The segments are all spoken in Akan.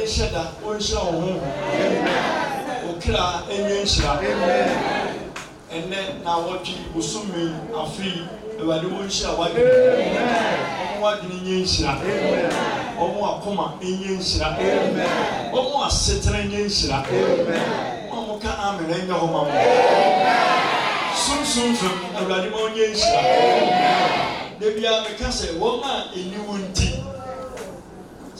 awurade nhyɛ da wɔnhyira wɔn ho okra enyo nhyira ɛnɛ na awɔtwe bosomi afei awurade wɔnhyira wadwene wɔn wadwene nye nhyira wɔn akoma nye nhyira wɔn asetere nye nhyira wɔn a amena nye hɔ ma wɔn sunsun fam awurade wɔn nye nhyira. Debi a meka sɛ wɔn a eniwu nti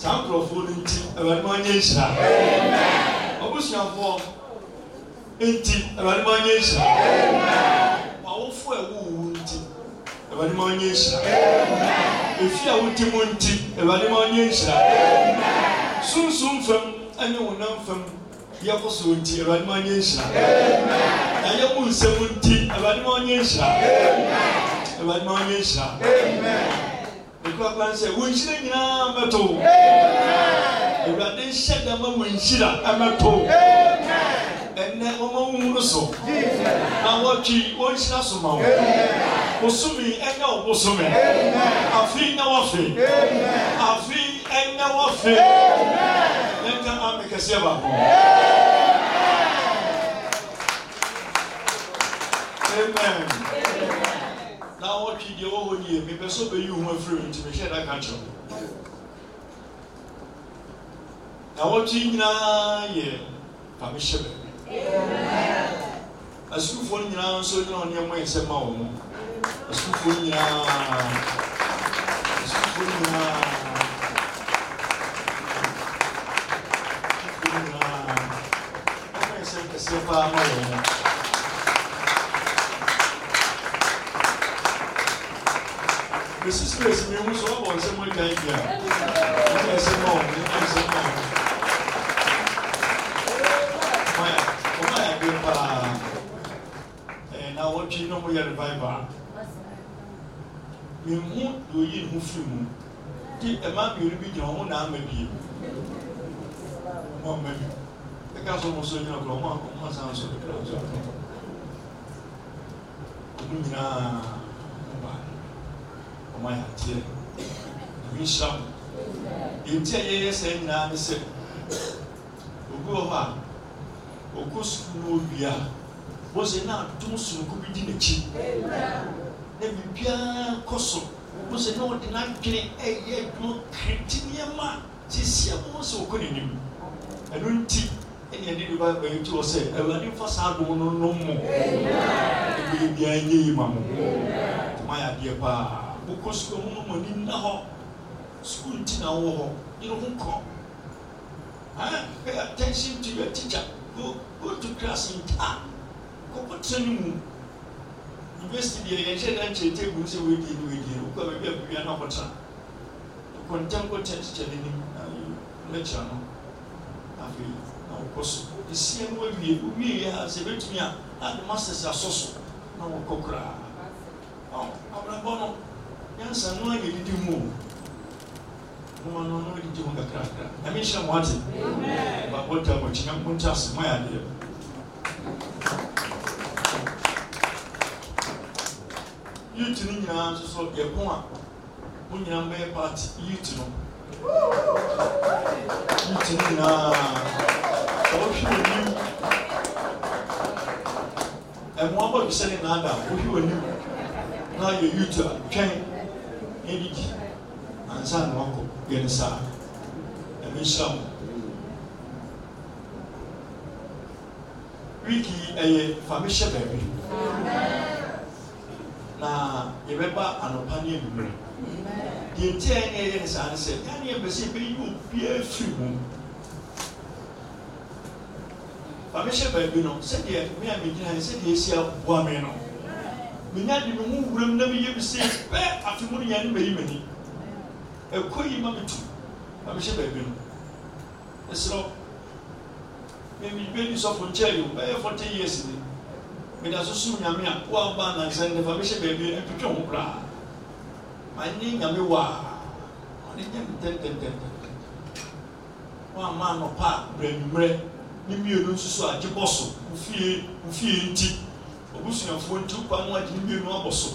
saa nkurɔfoɔ no nti awurade ma nyɛ nhyira ɔbusuafoɔ nti awurade ma nyɛ nhyira awofo a ɛwowo nti awurade ma nyɛ nhyira efi a wote mu nti awurade ma nyɛ nhyira sunsun fam ɛne wonam fam yɛkɔ so nti awurade ma nyɛ nhyira na yɛkɔ nsɛm nti awurade ma nyɛ nhyira awurade ma nyɛ nhyira nkuraba nsɛ wɔn nhyira nyinaa mɛto awurade nhyɛ dama wɔn nhyira mɛto ɛnɛ wɔn ahuru so na wɔtwi wɔn nhyira so ma wɔn osumi ɛnɛ ɔbosome afi na wɔfe afi ɛnɛ wɔfe yɛnka ame kɛseɛ baako. Amen. Amen na wɔtwe deɛ wɔwɔ nie mepɛ sɛ ɔbɛyi wo ho afiri mu nti mehyɛ da ka kyerɛ na wɔtwe nyinaa yɛ pamehyɛ baabi asukuufoɔ no nyinaa nso gyina wɔn nneɛma yɛ sɛ ma wɔn asukuufoɔ no no nyinaa asukuufoɔ no nyinaa wɔn yɛ Mrs. Smith, minha mãe só agora, você mãe tem que é. Não é seu nome, não é seu nome. Como é que para na outra não mulher vai vá? Me mu do yi mu fi mu. Ti e ma mi bi jo Não na ma bi. Ma eu não E ka so mo so ni ko ma ko ma san so ko so. Ni na ɔmo ayɛ adeɛ ɛmi nhyira mo nti a yɛyɛ sɛ nyinaa ne sɛ ogu wɔ hɔ a ogu sukuu wɔ wia wɔsɛ na atum sononko bi di n'akyi na biribiara kɔ so wɔsɛ na ɔde n'adwene ɛyɛ adwuma kiriti nneɛma sisi a wɔn sɛ ɔkɔ n'anim ɛno nti ɛna ɛde ne ba ɛyɛ ti wɔ sɛ ɛwɛde nfa saa dɔm no nom mo ɛbi ebi ayɛ yie ma mo tuma yɛ adeɛ paa wokɔ sukuu mu no mu ani nna hɔ sukuu nti na wɔ hɔ yɛrɛ ho kɔ ɛn pay attention to your teacher go go to class in ta kɔkɔ tẹ ne mu university deɛ yɛn hyɛ dan kyerɛ table sɛ wɔadie ne wɔadie no wokɔ baabi a biribi anɔ kɔtra kɔntɛm kɔtɛ teacher n'anim na uh, lecture no afei na wokɔ so esia no awie wowie a sɛ ebetumi a na the masters asɔ so na wɔkɔ koraa ɔ abrabɔ no. yansa no ayɛ didi mu moma no no didi mu kakrakra na menhyɛ I'm babɔta mɔkyenya monte not moayɛ You youth no nyinaa You so yɛko a mo You mbɛyɛ party You no youth no nyinaa sɛ wohwɛ onim ɛmoa bɔdwesɛ ne you wohwɛ onim na yɛ You a twɛn ɛdidi ansa eh, na wakɔ yɛn saa ɛmɛ nhyira mo wiiki ɛyɛ fami baabi na yɛbɛba anɔpa ne anwummerɛ deɛ nti a ɛne ɛyɛ ne saa ne sɛ ɛne yɛmpɛ sɛ yɛbɛyi obiara firi mu fami hyɛ baabi no sɛdeɛ me a megyina sɛdeɛ ɛsi aboa me no menya de me ho wuram na meyɛ me sei pɛ afe mu no nyɛ no mayi m'ani ɛkɔ yi ma metu na mehyɛ baabi no ɛserɛ mebɛdi sɔfo nkyɛɛ yo bɛyɛ forty years ni meda so som nyame a woamba nansa nnefa mehyɛ baabi atwitwa ho koraa manyɛ nyame wɔ a ɔne nyɛ me tɛntɛntɛntɛn woama anɔpa a brɛnwummerɛ ne mmienu nso so agye bɔ so mfie mfie nti abusuafoɔ nti kwan mu adi mmienu abɔ so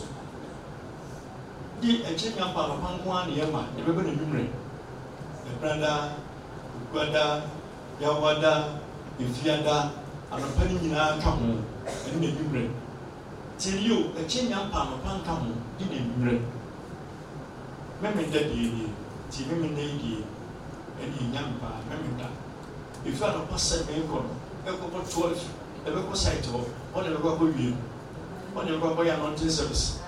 ne ɛkyɛ nya mpalapa nko ara na yɛma na ɛbɛbɛ na nwummerɛ e ɛbrada okuada yawada efiada anapa no nyinaa ka ho ɛne na nwummerɛ tiɛni o ɛkyɛ nya mpalapa nka ho ne na nwummerɛ mɛmɛ da deɛ deɛ ti mɛmɛ da yi e deɛ ɛne nya mpa mɛmɛ da efi anapa sɛ mɛkɔ no ɛkɔkɔ e toɔ afi ɛbɛkɔ site hɔ ɔne ɛbɛkɔ akɔ wie ɔne ɛbɛkɔ akɔ yɛ anɔnten service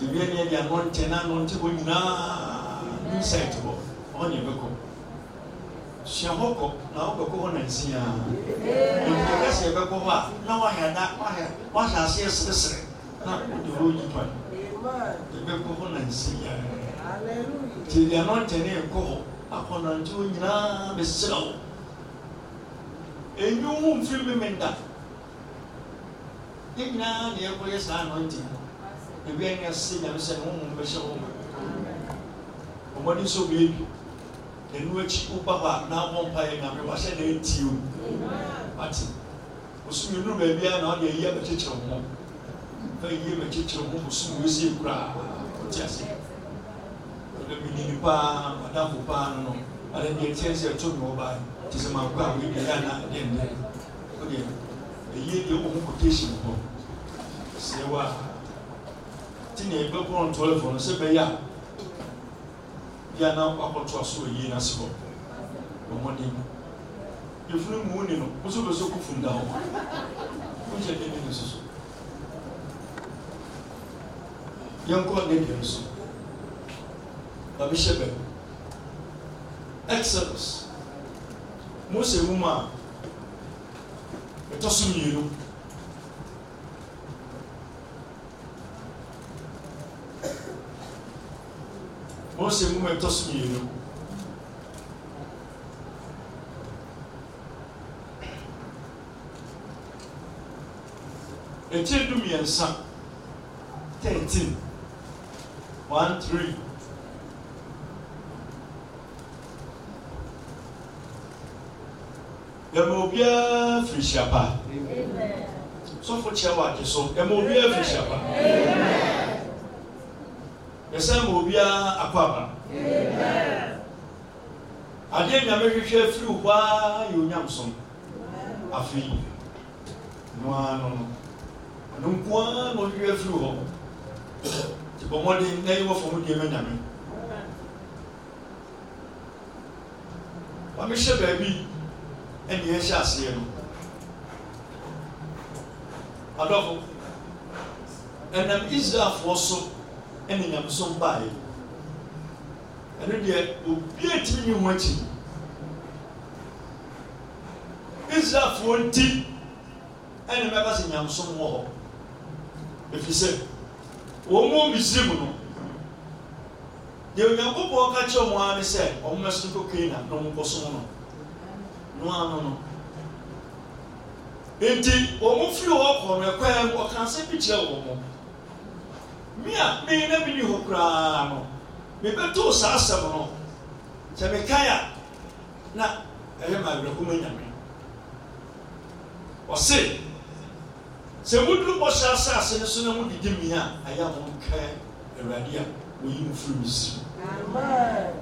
ewia ne yɛde anɔnten na anɔnten hɔ nyinaa ne site hɔ ɔne ɛbɛkɔ sua hɔ kɔ na ɔbɛkɔ hɔ nansia ɛbi ɛbɛsɛ ɛbɛkɔ hɔ a na wayɛ ada wayɛ wahyɛ aseɛ seresere na ɔde hɔ yi pa ɛbɛkɔ hɔ nansia tie de anɔnten ne ɛkɔ hɔ akɔ nanten hɔ nyinaa bɛsrɛ hɔ enyiw ho mfiri mi mi nda ne nyinaa na ɛkɔyɛ saa anɔnti ebi ɛni ɛsɛ nyame sɛ ne ho mu bɛhyɛ ho mu ɔmɔden sɛ ɔbɛ ebi n'anu akyi ɔba hɔ a n'abɔ mpa yɛ nyame wahyɛ na etie o ati osu mi nuru baabi a na ɔde ayi abɛkyekyere ho fɛ ayi abɛkyekyere ho osu mi osi ekura ɔte ase ɔdɛ mi nini paa ɔdafo paa no no ɔdɛ deɛ tiɛ sɛ mi wɔ baa te sɛ mankɔ a wei deɛ yɛana ɛdɛ nnɛ wodeɛ ɛyie deɛ wɔ ho quotation hɔ sɛ wɔ a te ne ɛbɛbɔrɔ ntɔlefo no sɛ bɛyɛ a bia na wakɔtoa so ɔyie no ase hɔ ɔmɔne yɛfunu mu wo ne no wo so bɛ so kofu nda hɔ wokyɛ ne ne ne soso yɛnkɔ ne deɛ no so bamehyɛ bɛm exodus mose nwoma a ɛtɔ so mmienu mose nwoma ɛtɔ so mmienu ɛkyɛ du mmiɛnsa thirteen one three. ɛmɛ obiara firi hyapa sɔfo kyerɛ wɔ ade so ɛmɛ obiara firi hyapa yɛsɛ ma obiara akɔ aba adeɛ nyame hwehwɛ firi hɔ ara yɛ onyam so afei noa no no ɔno nko ara na ɔhwehwɛ firi hɔ nti bɔ mmɔden na yi wɔ fam deɛ ma nyame baabi ɛn ni ɛhyɛ aseɛ no adɔfo ɛnam israefoɔ so ɛna nyame so mbaeɛ ɛno deɛ obi atimi ne ho akyi israefoɔ nti ɛne mɛba sɛ nyame som wɔ hɔ ɛfiri sɛ wɔn mu misirim no deɛ onyankopɔn ka kyerɛ ɔmo ara ne sɛ ɔmo mɛsoro kɔ kanaan na ɔmo kɔ som no noa no no nti wɔn firi hɔ kɔ no ɛkwan mu ɔka asɛm bi kyerɛ wɔn mi a mi na mi ni hɔ koraa no mi bɛ saa asɛm no sɛ mi ka ya na ɛyɛ maa awerɛhoɔ ma nyame ɔse sɛ muduru bɔhyɛ asase no so na mo didi mi a ayɛ a mo nkae awurade a wɔyi mo firi mi si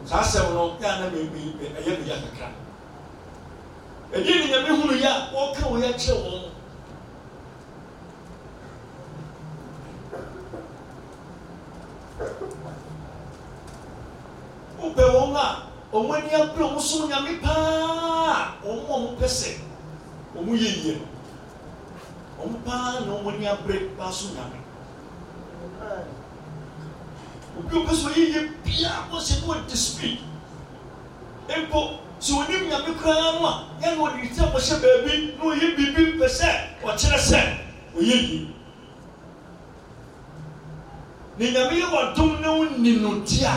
saa asɛm no yɛ a na mi ɛyɛ mi ya kakra ɛdi ni nyame hunu yɛ a wɔka wɔn yɛ kyerɛ wɔn wopɛ wɔn a wɔn ani abere wɔn so nyame paa wɔn a wɔn pɛ sɛ wɔn yɛ yie no wɔn paa na wɔn ani abere paa so nyame obi o pɛ sɛ ɔyɛ yie bia wɔn sɛ wɔn disipiri mpo sɛ onim nyame koraa mu a yɛne ɔde ntam hyɛ baabi na ɔyɛ biribi pɛ sɛ ɔkyerɛ sɛ ɔyɛ yi na nyame yɛ wɔdom na woni no nti a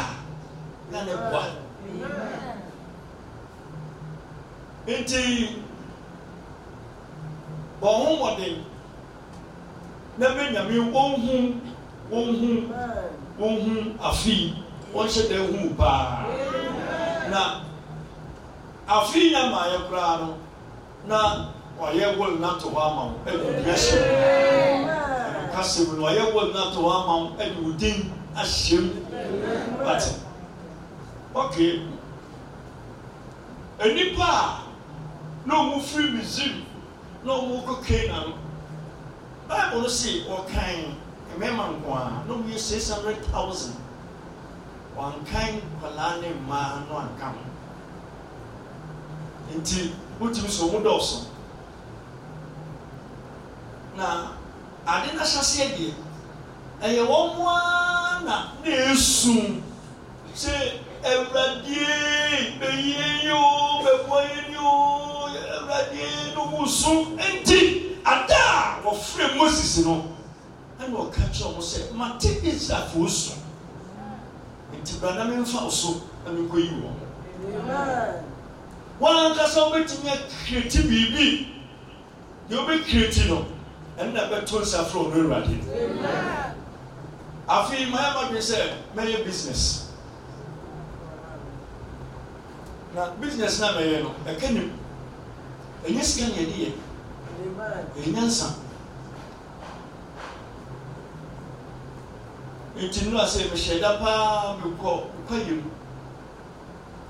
na ne boa nti wɔho mmɔden na bɛ nyame wɔnhu wɔnhu wɔnhu afei wɔnhyɛ dan hu paa na afei nya maayɛ koraa no na ɔyɛ wɔl na to hɔ ama wo ɛde ne ahyɛ mu ɛnokasɛm no ɔyɛ wɔl na to hɔ ama wo ɛde wo ahyɛ mu but okay enipa a na ɔmo firi museum na ɔmo kɔ kena no baibu no si ɔkan mmarima nko a na ɔmo yɛ six hundred thousand wɔnkan nkwadaa ne mmaa no anka ho nti wotumi so ɔmo dɔɔso na ade n'ahyɛseɛ deɛ ɛyɛ wɔn mo ara na n'esum sɛ awuradie bɛyie yi o bɛbɔ yi ni o awuradie no wusu nti ada a wɔfrɛ moses no ɛna ɔka kyerɛ wɔn sɛ mate israelfoɔ so nti bra na mi nfa so na mi yi wɔn wọn ankasa wobɛtumi akiriti biribi deɛ wobɛkiriti no ɛno na ɛbɛto nsa frɛ ɔno awurade afei mayɛ madwe sɛ mɛyɛ business na business na mɛyɛ no ɛka nim ɛnyɛ sika ne yɛde yɛ ɛnyɛ nsa nti nnura sɛ mehyɛ da paa mekɔ mekɔ yɛ mu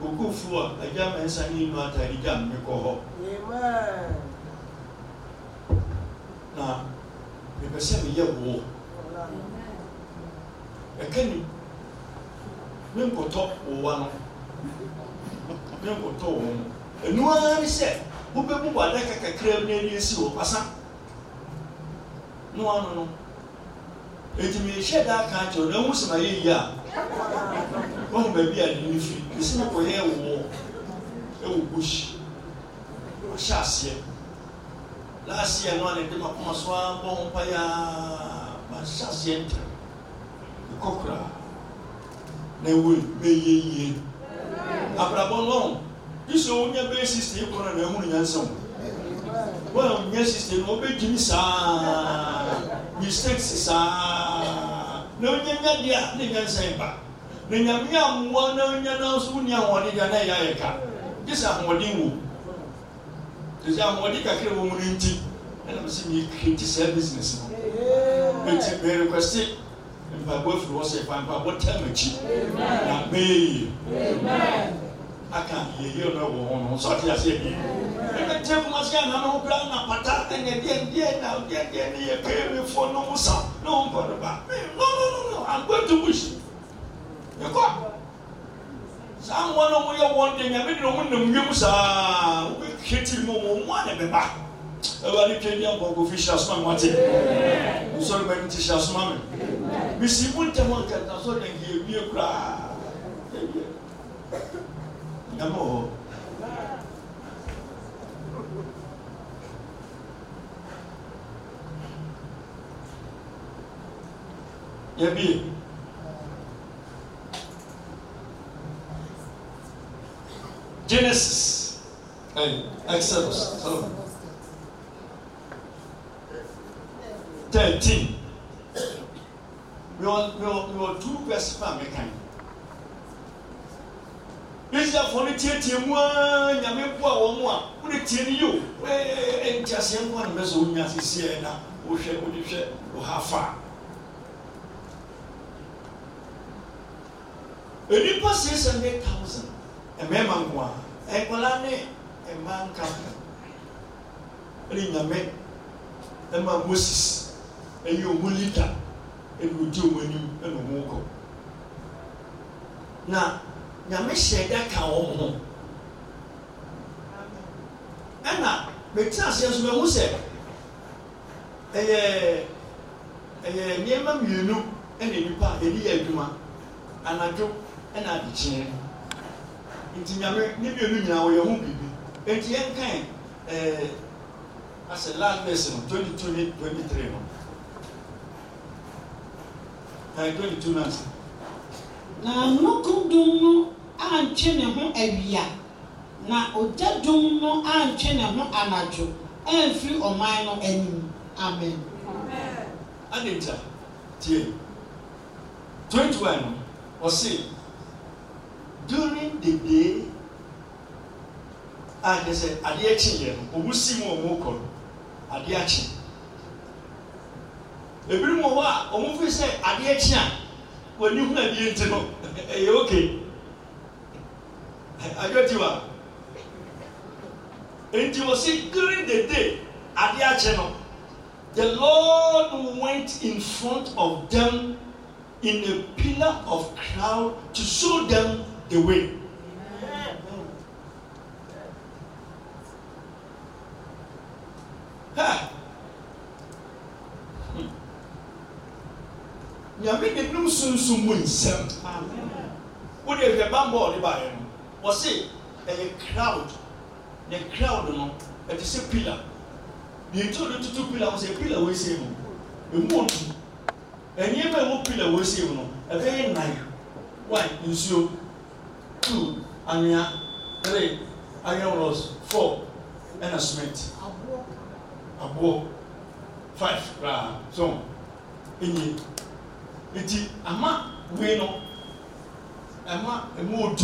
okofuo a agya mɛnsa ne inu atare gya mme kɔ hɔ na mepɛ sɛ meyɛ wo ɛka ni menkɔtɔ wowa no menkɔtɔ wo no ɛnu ara ne sɛ wobɛbu wɔ adaka kakra mu no ani asi wɔ kwasa ne wano no eti mi hyɛ da aka akyerɛ na ehu sima yɛ yi a wɔn baabi a ne fi esi mi kɔ yɛ wɔ bush ɔhyɛ aseɛ laasi yɛ no a ne de ma kɔma so a bɔ ho pa yaa ma hyɛ aseɛ ntɛm ekɔ kura na ewu mɛ yie yie abrabɔ nɔn é owu nyɛ bɛyɛ sisi yi kɔnɔ na ehu ne nyansan wɔn a nyɛ sisi yi no na onye nya di a ne nya nsa ba na nyame amoa na onya na nso ni ahoɔden di na ɛyɛ ka gye sɛ ahoɔden wɔ mu sɛ ahoɔden kakra wɔ mu no nti ɛnam sɛ meyɛkriti saa business no nti merekwɛse mpaboa afiri hɔ sɛ fa mpaboa tam akyi na mɛyɛ yie aka yɛyɛ no wɔ hɔ no nso ate aseɛ bie ɛbɛtɛ mu ase ana no kura na pata ɛnɛ deɛ deɛ na deɛ deɛ ne yɛ pɛɛrɛ fo no ho sa ne ho nkɔ ba no no no no i'm going to wish ɛkɔ saa nwa no mo yɛ wɔn deɛ nyame deɛ ɔmo nam wiem saa wobɛhwɛ ti mu wɔn mu ana bɛba ɛwɛade twɛ ni abɔ kofi hyɛ asoma mi wate nsɔre bɛni ti hyɛ asoma mi bisi mu ntɛm ankata sɔ de nkeɛ bie koraa nyame wɔ hɔ. yɛbie genesis ɛyi exodus thirteen yɔ we yɔ two verse fa mi kan israelfoɔ no tiatia mu a nyame boa wɔn a wode tie no yio ɛntiaseɛ nkoa ne mɛ sɛ wonya sesiɛ na wohwɛ wode hwɛ wo ha faa enipa six hundred thousand mmarima nko a nkwadaa ne mmaa nka ɛne nyame ɛma moses ɛyɛ ɔmo lida ɛna ɔgye ɔmo anim ɛna ɔmo kɔ na nyame hyɛ da ka wɔn ho ɛna mɛti aseɛ nso mɛho sɛ ɛyɛ ɛyɛ nneɛma mmienu ɛna nipa ɛni yɛ adwuma anadwo ɛna adekyeɛ nti nyame ne mmienu nyinaa wɔyɛ ho biribi nti yɛnkan ɛɛ eh, asɛ last verse no twenty two ne twenty three no ɛɛ twenty two na ase. na nnukwu dum no antwe ne ho awia na ogya dum no antwe ne ho anadwo ɛnfiri ɔman no anim amen. amen. adeja tie twenty one ɔsi during the day a yɛ sɛ adeɛ akyi yɛ no owu si mu ɔmo kɔ no adeɛ akyi ebinom wɔ hɔ a ɔmo fi sɛ adeɛ akyi a wɔn ani hu adeɛ nti no ɛyɛ okay adwa ti wa nti wɔsi during the day adeɛ akyi no the lord went in front of them in a pillar of cloud to show them away. Hmm. nyame de nom sunsun mu nsɛm wode hwɛ bambɔ ɔde baeɛ no wɔse ɛyɛ crowd na crowd no ɛte sɛ pillar deɛ ɛtɔ de tutu pillar ho sɛ pillar wɔasie mu ɛmu ɔtu ɛnneɛma a ɛwɔ pillar wɔasie mu no ɛbɛyɛ nan wae nsuo two anwea three iron rods four ɛna cement aboɔ five koraa so enyi eti ama wei no ama emu odu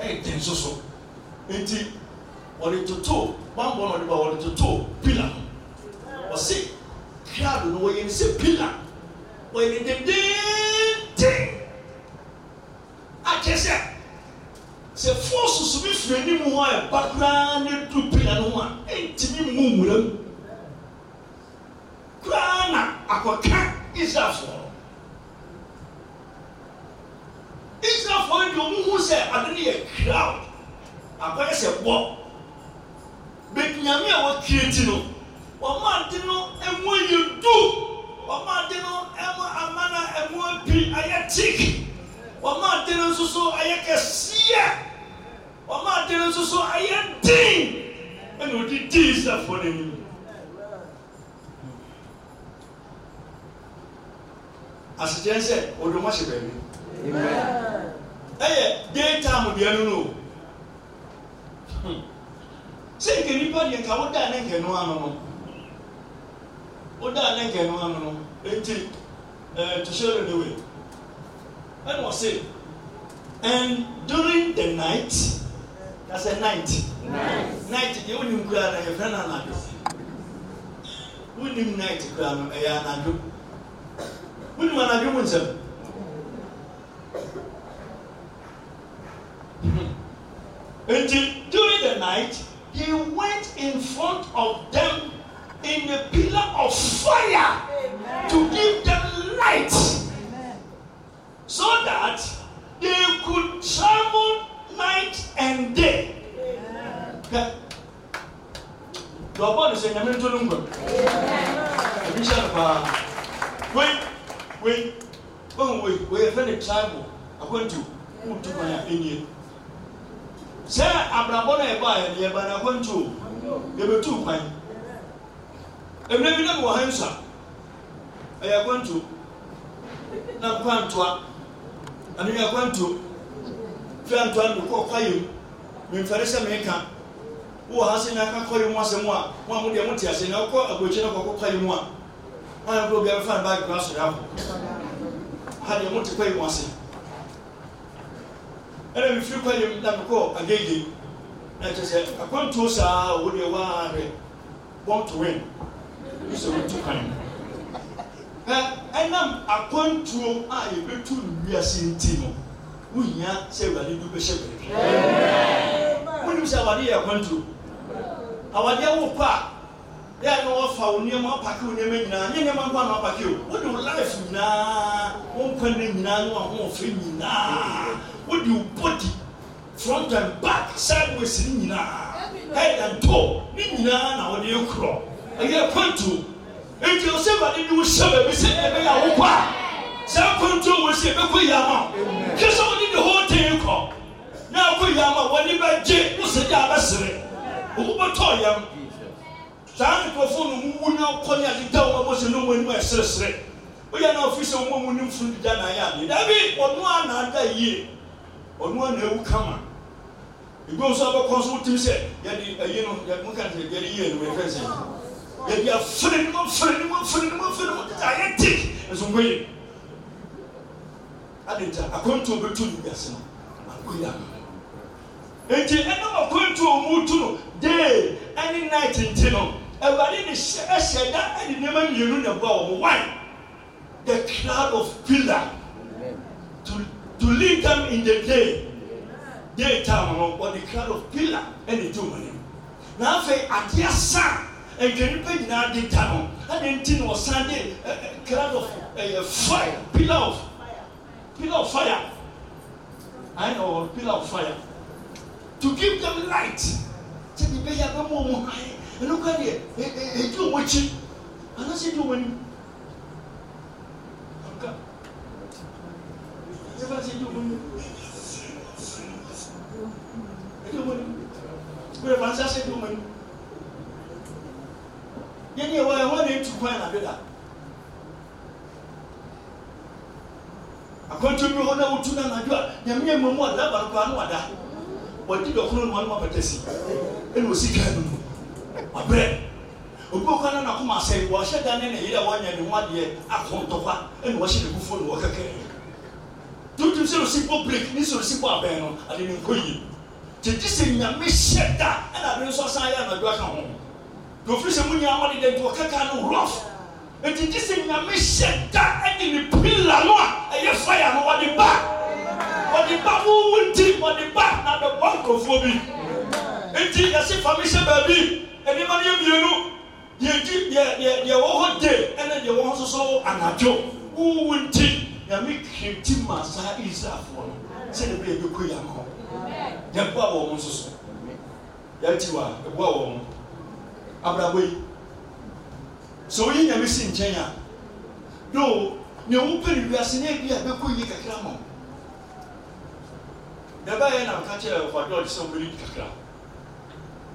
ɛyɛ e, den soso eti wɔde toto bambɔ na ɔde ba wɔde toto pila no kia kraado no wɔyɛ ne sɛ pila wɔyɛ ne sɛ fɔɔso so bi firi anim hɔ a ɛba koraa ne du pila no ho a ɛntumi mu nwura mu koraa na akɔka israelfoɔ israelfoɔ deɛ ɔmo ho sɛ ade no yɛ crowd akɔyɛ sɛ bɔ bɛnyame a wɔkiri ti no wɔn ade no ɛmu yɛ du wɔn ade no ɛmu amana ɛmu api ayɛ tik wɔn a den nso so ayɛ kɛseɛ wɔn a den nso so ayɛ den ɛna odi den sɛfo n'anim. asekyerɛ sɛ ɔdɔm ahyɛ ɛyɛ day time deɛ no no sɛ nke nipa deɛ nka woda ne nkɛno ano no woda ne nkɛno ano no eti ɛɛ to show the way. That was it. And during the night, that's a night. Night. Night, you wouldn't cry and your friend and Wouldn't night cry and your anadu. Wouldn't want to do with hmm. And during the night, he went in front of them in the pillar of fire Amen. to give them light so that they could travel night and day. Dɔbɔ de sɛ nyame ntolo we, Ebi hyɛ no paa. Wei wei wɔn wei wei yɛ fɛ ne tribal akwantu ntu kwan a enie. Sɛ abrabɔ na yɛ ba yɛ yɛ ba na my. o yɛbɛtu not Ebile bi na bi wɔ ha nsa ɛyɛ akwantu ɛno nyɛ akwantuo fi antoa no kɔ kwayo memfɛre sɛ meka wowɔ ha sɛ meaka kwayo mu asɛm a mo a modeɛ mote ase na wokɔ abrokyi no kɔkɔ kwayo mu a ɔyɛ kuro biara fa ne baage kora sɔre aho ha deɛ mote kwayo mu ase ɛna mefiri kwayo mu na mekɔ agege na kyɛ sɛ akwantuo saa wo deɛ waa dɛ born to win you say we took time na ɛnam akwantuo a yɛbɛtu no wiase nti no wohia sɛ awurade du bɛhyɛ baabi wonim sɛ awade yɛ akwantuo awadeɛ wo kɔ a yà ni wọn fa wọn nneɛma apaki wọn nneɛma nyinaa nye nneɛma nkwa na apaki o wọn de wọn life nyinaa wọn nkwa ne nyinaa ne wọn nyinaa wọn de body front and back sideways ne nyinaa head and toe ne nyinaa na wọn de ekurɔ ɛyɛ kwantuo nti ɔsɛ bade de wohyɛ baabi sɛ ɛbɛyɛ awokɔ a saa kwantu wɔ sɛ ɛbɛkɔ yɛ ama hwɛ sɛ wode de hoo ten kɔ na akɔ yɛ ama wɔne bɛgye wo sɛ de abɛsere wobɛtɔɔ yɛm saa nkurɔfoɔ no wowu e na kɔ ne adeda wo mabɔ sɛ ne wɔ anim ɛseresere woyɛ na ɔfiri sɛ woma mu nim so deda na ayɛ adeɛ dabi ɔno a na ada yie ɔno a na awu kama ebi nso abɛkɔ nso wotumi sɛ yɛde eh, ayi no yɛde mo ka ne sɛ yɛde yie no yɛfɛ sɛ ebi afiri ni mo afiri ni mo afiri ni mo afiri ni mo tete ayɛ tik ɛsonko yi adi nta akɔntu obi tu ni gasi no akɔ yi ama nti ɛnam akɔntu a wɔn tu no day any night nti no ɛwɛde ne hyɛ ɛhyɛ da ɛde nneɛma mmienu na bɔ wɔn one the cloud of pillar to to lead them in the day day time no wɔde crowd of pillar any di wɔn Now, na afei adeɛ saa nti nipa nyinaa de ta no ɛna nti na ɔsan de cloud of ɛyɛ eh, eh, fire pillar of pillar of fire ayi na ɔwɔ pillar of fire to give them light sɛ de bɛyɛ abɛmɔ wɔn hayi ɛnukwa deɛ ɛdi wɔn akyi anase di wɔn anim ɔka ɛdi wɔn akyi di wɔn anim ɛdi wɔn anim bɛrɛ fansi ase di wɔn anim yɛne ɛwɔ yɛ hɔ na tu kwan na deda akwantu bi hɔ na wotu na anadwo a nyame yɛ mmamu a daba no koraa no wada wɔdi dɔkono no ma no mapɛtɛ si ɛna osi kaa no mu wabrɛ obi okwa na nakoma asɛe wɔahyɛ da ne ne yere a wɔanya ne ho adeɛ ako ntɔkwa ɛna wɔahyɛ ne gufoɔ ne wɔkɛkɛ tuntum sɛ osi bɔ break ne sɛ osi bɔ abɛn no ade ne nkɔ yie gyegye sɛ nyame hyɛ da ɛna ade nso asan yɛ anadwo aka ho ofiri sɛ mu nyinaa ma de dɛ nti ɔkeka no rough eti ti sɛ nyame hyɛ da ɛde ne pila no a ɛyɛ fire no wɔde ba wɔde ba wuwu nti wɔde ba na bɛ bɔ nkurɔfoɔ bi eti yɛsi fami hyɛ baabi ɛnima no yɛ mienu deɛ di deɛ deɛ deɛ wɔ hɔ de ɛna deɛ wɔ hɔ soso anadwo wuwu nti nyame kiri ti ma saa israfoɔ no sɛ ɛbi ebi ko yam hɔ yɛ bu a wɔn soso yɛ ti wa ebu a wɔn abrabɔ yi sɛ woyi nyame si nkyɛn a do nea wopɛ ne wiase ne bi a bɛkɔ yi kakra ma daba yɛ nam ka kyerɛ wadɔɔde sɛ wobɛni kakra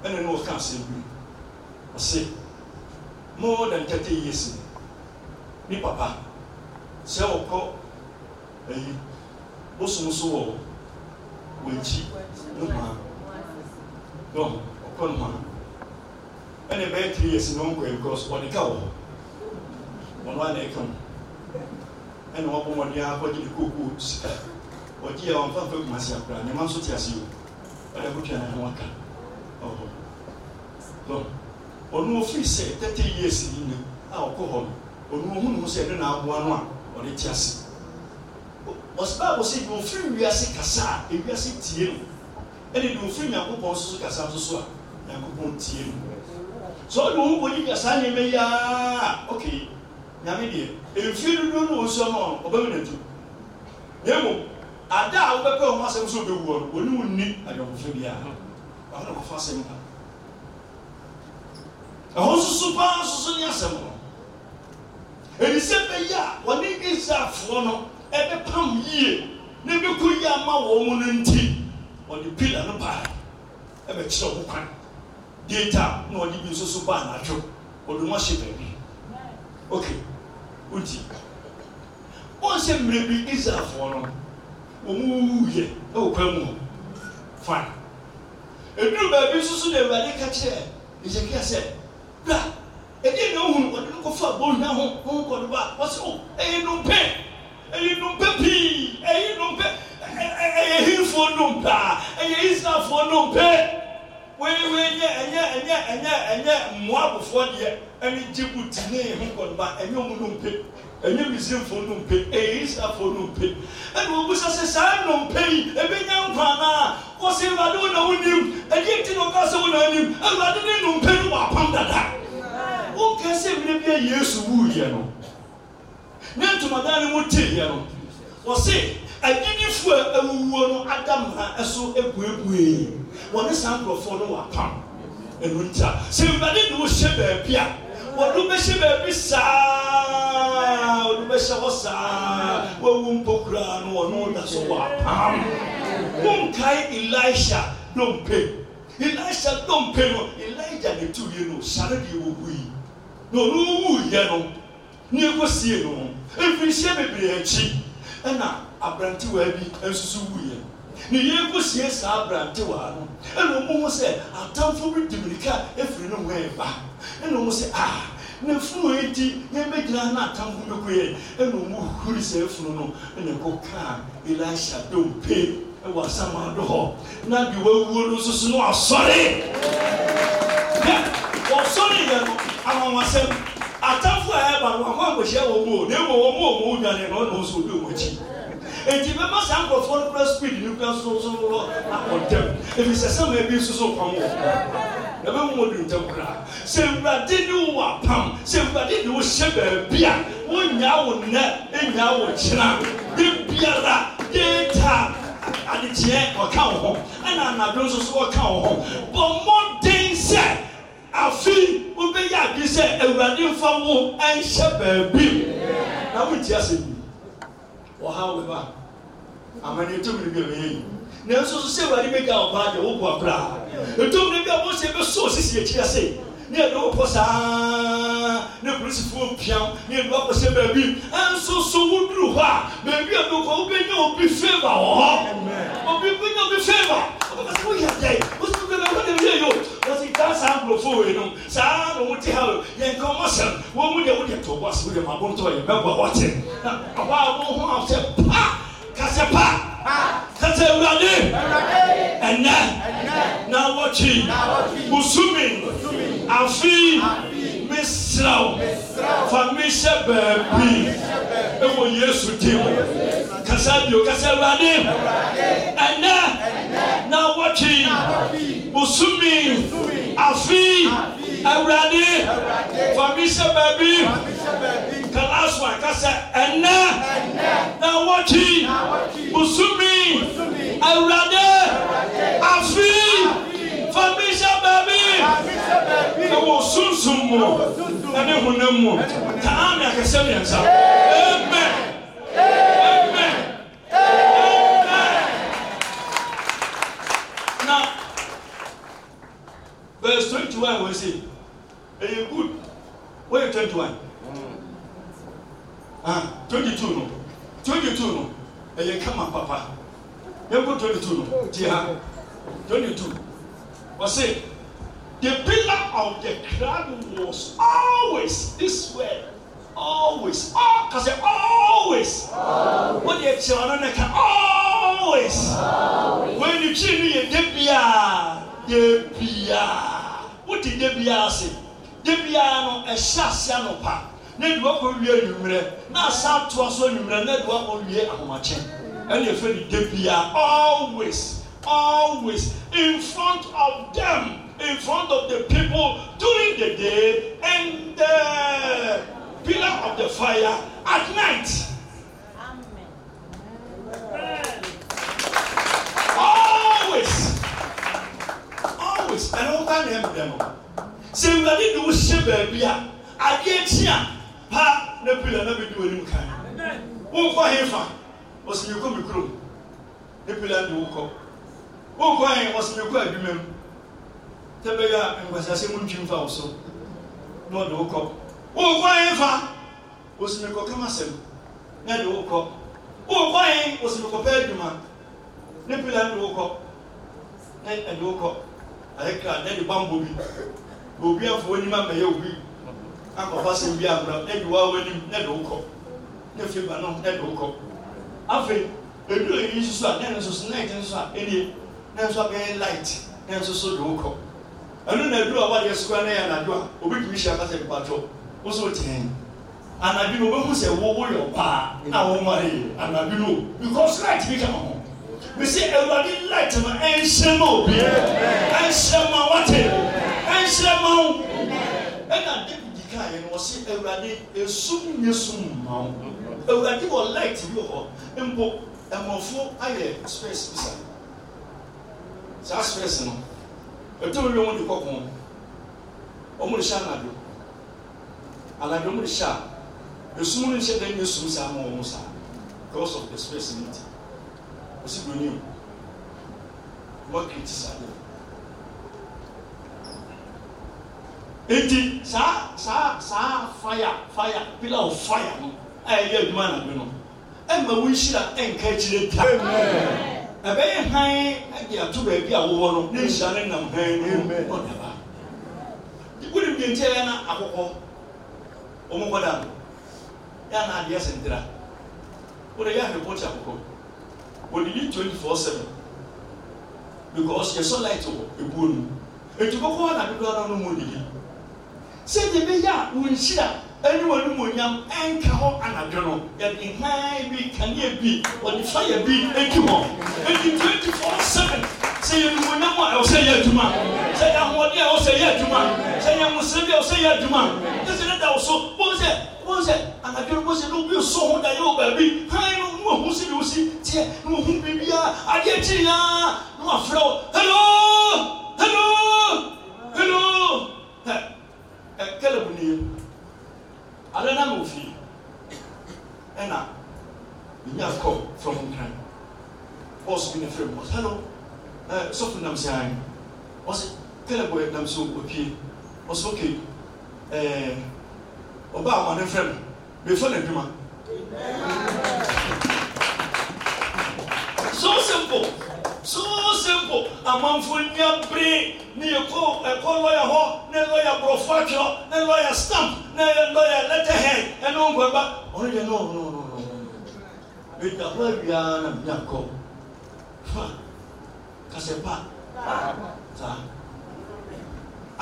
ɛne ne wɔka asɛm bi ɔse more than thirty years ne papa sɛ wɔkɔ ayi bosom so wɔ wɔakyi no hwaa ɔkɔ no hwaa ɛna bɛyɛ three years na ɔnkɔ ɛkɔ so ɔde ka wɔ hɔ ɔno ana ɛka mu ɛna wɔbɔ mɔden akɔgye ne kookoo sika ɔgye yɛ wɔn fanfɛ kumasi akora nneɛma nso te ase o ɔde akotwa ne na aka ɔwɔ hɔ dɔn ɔno ofiri sɛ thirty years yi na a ɔkɔ hɔ no ɔno ohun ne ho sɛ ɛde n'aboa no a ɔde te ase ɔsiba ɔsi de ofiri wiase kasa a ewiase tie no ɛna de ofiri nyankopɔn soso kasa soso a nyankopɔn tie no sɛ ɔde wo wobɔdi ka saa nneɛma yi a okay nyame deɛ mfie dodoɔ no wɔsua ma ɔno ɔbɛmi natu na mmom ada a wobɛpɛ wɔ ho asɛm sɛ wobɛwu ɔno ɔne wo nni adwɔmfo biara ɔno ne kɔfa asɛm ka ɛho nsoso paa nsoso ne asɛm no ɛdi sɛ bɛyɛ a wɔne israelfoɔ no ɛbɛpam yie na ɛbɛkɔ yie ama wɔn mu no nti wɔde pila no baa ɛbɛkyerɛ wo kwan data na ɔde bi nso so ba anadwo ɔde mo ahyɛ baabi ok odi wɔn sɛ mmerɛ bi israelfoɔ no wɔn wuwu yɛ ɛwɔ kwan mu fine eduru baabi nso so na awurade ka kyerɛ ezekiel sɛ bra ɛdi na ohun ɔde no kɔfa bɔnhwa ho ho nkɔdo ba wɔsɛ o ɛyɛ nnompe ɛyɛ nnompe pii ɛyɛ nnompe ɛyɛ hinfoɔ nnompe a ɛyɛ israelfoɔ nnompe wei wei nyɛ ɛnyɛ ɛnyɛ ɛnyɛ ɛnyɛ mmoabofoɔ deɛ ɛne djibouti ne ho nkɔnba ɛnyɛ ɔmo no mpe ɛnyɛ misrimfoɔ no mpe ɛyɛ israfoɔ no mpe ɛna wɔbusa sɛ saa nnompe yi ɛbɛnya nkwa anaa wɔsɛ awurade wo na wonim ɛdeɛ ti na ɔka sɛ wo na anim awurade ne nnompe no wɔ apam dada wonka sɛ mmerɛ bi a yesu wuiɛ no ne ntomadan no mu teeɛ no wɔse agyinifoɔ a awuwuo no ada mmaa ɛso ebuebue wɔn saa nkurɔfoɔ no wapam ɛnu nta sɛ nwurade na wɔhyɛ baabi a wɔde bɛhyɛ baabi saa wɔde bɛhyɛ hɔ saa wɔawu mpokura no wɔn da so wapam wɔnkae elisha dompe elisha dompe no elija ne tu yie no sare deɛ wɔwu yi na ɔno wu yɛ no ne ekosie no mfirinhyia bebree akyi ɛna aberantewa bi nsoso wuiɛ ne yɛn ko sie saa aberantewa no ɛna wɔn ho sɛ atamfo bi di mirika efiri ne ho ɛba ɛna wɔn sɛ aa ah, ne funu yɛ ti yɛn bɛ gyina na atamfo bɛ kɔ yɛ ɛna wɔn huri sɛ funu no ɛna ɛkɔ kaa elisha dɔw pe ɛwɔ asamado hɔ na de wawuo no soso no asɔre yɛ wɔsɔre yɛ no anwanwasɛm atamfo a ɛba no wɔn akɔ akɔhyia wɔn mu o na emu wɔn mu o wɔn na ɔna wɔn so wɔn akyi eti bɛma saa nkurɔfoɔ no kura speed ne kura sorosoro akɔ ntɛm ebi sɛ sɛ maa bi soso kwan wɔ na bɛ mu ɔdi ntɛm kura sɛ nwurade ne wo apam sɛ nwurade ne wo hyɛ baabi a wonya wo nnɛ enya wo kyerɛ de biara deeta adekyeɛ ɔka wo ho ɛna anadwo nso so ɔka wo ho bɔ mmɔden sɛ afi wobɛyɛ adi sɛ awurade mfa wo ɛnhyɛ baabi na wotia sɛ bi ɔhaw bɛ ba amani etum ni bi a bɛyɛ yi nanso so sɛ wɛde bɛka ɔbaa deɛ wobɔ akora etum ni bi a wɔn sɛ bɛsɔ osisi akyi ase ne yɛ de wopɔ saa ne polisifoɔ piam ne yɛ de wakɔ sɛ baabi nso so woduru hɔ a baabi a bɛkɔ wobɛnya obi fɛva wɔ hɔ obi bɛnya obi fɛva ɔbɛka sɛ woyɛ dɛ wosi bɛbɛ wɔde yɛ yɛ o nka saa nkurɔfoɔ wɔ enum saa na wɔte ha o yɛ nka wɔn asɛm wɔn mu deɛ wɔde to bɔ wɔde ma bɔ yɛ bɛ bɔ ɔte na ɔbɔ a wɔn ho asɛ pa kasɛ pa kasɛ ewurade ɛnɛ na wɔtwi busumi afi misiraw fa mi hyɛ baabi ɛwɔ yesu dim kasa bio kasa ewurade ɛnɛ na wɔtwi busumi afi awurade fami hyɛ baabi kalasua kasa ɛnɛ na wɔkyi busumi awurade afi fami hyɛ baabi na wɔ sunsun mu na ne mu taa mi akasɛ miɛnsa amen. verse twenty one wọ́n ṣe ẹ̀yẹ good wọ́n yẹ twenty one mm. ah twenty two nù twenty two nù come, kama papa yẹn kó twenty two nù ti oh, ha twenty two wọ́n ṣe the pillar of the crowd was always this way always oh, cause it always wọ́n yẹ children can always when you kyerɛ ní yẹ débìá de biara wote de biara se de biara no ɛhyɛ ase anɔpa na de wakɔ wie enumerɛ na asa atoa so enumerɛ na de wakɔ wie ahomakyɛ ɛna efe de de biara always always in front of them in front of the people during the day and the pillar of the fire at night. Amen. Always office ɛna ɔka na ɛmu dɛ no sɛ nwurade de wo hyɛ baabi a adeɛ kyi a ha na pila na bi di wɔn anim kan wɔn kɔ he fa ɔsɛ mi kɔ mi kurom ne pila de wo kɔ wɔn kɔ he ɔsɛ mi kɔ adwuma mu tɛbɛyɛ a nkwasiase mu ntwi nfa wɔ so na ɔde wo kɔ wɔn kɔ he fa ɔsɛ mi kɔ kama sɛm na de wo kɔ wɔn kɔ he ɔsɛ mi kɔ pɛ adwuma ne pila de wo kɔ na ɛde wo ɛka ɛdi bambɔ bi obi afɔ onim ama yɛ obi akɔfa sɛ obi agorɔ ɛdi wa awɔ anim ɛdi wokɔ ne fi ba no ɛdi wokɔ afei edu eyi nso a ne nso so light nso a ɛnie ne nso abɛyɛ light ne nso so de wokɔ ɛnu na edu a wadeɛ sukura ne yɛ anadu a obi tumi hyɛ akasa mpatɔ wosow tɛn anadu no obehu sɛ wo woyɔ paa na wɔn ma yɛ anadu no because light bi ka ma ho bisi awurade light no ɛnhyerɛ ma obi ɛnhyerɛ ma wate ɛnhyerɛ ma wo ɛna david kaeɛ no wɔse awurade esum nye sum ma wo awurade wɔ light bi wɔ hɔ mpo ɛmɔfo ayɛ space bi saa space no ɛtum wi wɔn de kɔkɔ wɔn de hyɛ anadwo anadwo wɔn de hyɛ a esum no nhyɛ dan nye sum saa ma wɔn saa because of the space no ɔsi broni mu wɔn criticize no eti saa saa saa fire fire pillar o fire eh, no a yɛyɛ adwuma anadwo no ɛmma wo nhyira ɛnka akyire ta ɛbɛyɛ hann de ato baabi a wowɔ no ne nhyira ne nam hann no ɔdaba wonim deɛ nti ɛyɛ na akɔkɔ ɔmo kɔda no yɛ ana adeɛ sentira wode yɛ ahwɛ bɔte akɔkɔ wɔdidi twenty four seven because yɛsɔ light wɔ ebuo no etu kɔkɔ hɔ na dodo ara no mu didi sɛdeɛ bɛyɛ a wɔnhyia ɛne wɔn animonyam ɛnka hɔ anadwo no yɛde hann bi kanea bi wɔde fire bi edi hɔ edi twenty four seven sɛ yɛ animonyam a ɛwɔ sɛ yɛ adwuma sɛ yɛ ahoɔden a ɛwɔ sɛ yɛ adwuma sɛ yɛ ahosuo bi a ɛwɔ sɛ yɛ adwuma ɛsɛ ne da wɔ so wɔn sɛ wɔn sɛ anadwo no wɔn sɛ ne obi so ho da yɛ wɔ baabi hann no na wɔn si deɛ wɔsi teɛ na wɔn ho biribiara adeɛ kyi nyinaa na wɔn afrɛ wo hello hello hello ɛ ɛ kɛlɛbu ni yɛ ale nam ofin ɛna nyɛ akɔ from nkran bɔs bi na fɛn mu hello ɛ sɔfin nam si anyi ɔsi kɛlɛbu yɛ nam si opie ɔsi oke ɛɛ ɔbaa wɔn ne fɛn mu bɛfɛ na adwuma so simple so simple amanfo nya bere ne yɛkɔ ɛkɔ lɔya hɔ ne lɔya borɔfo atwerɛ ne lɔya stamp ne lɔya letterhead ɛne nkɔba ɔno deɛ no no no no meda hɔ awiaa na menya kɔ fa kasɛ pa saa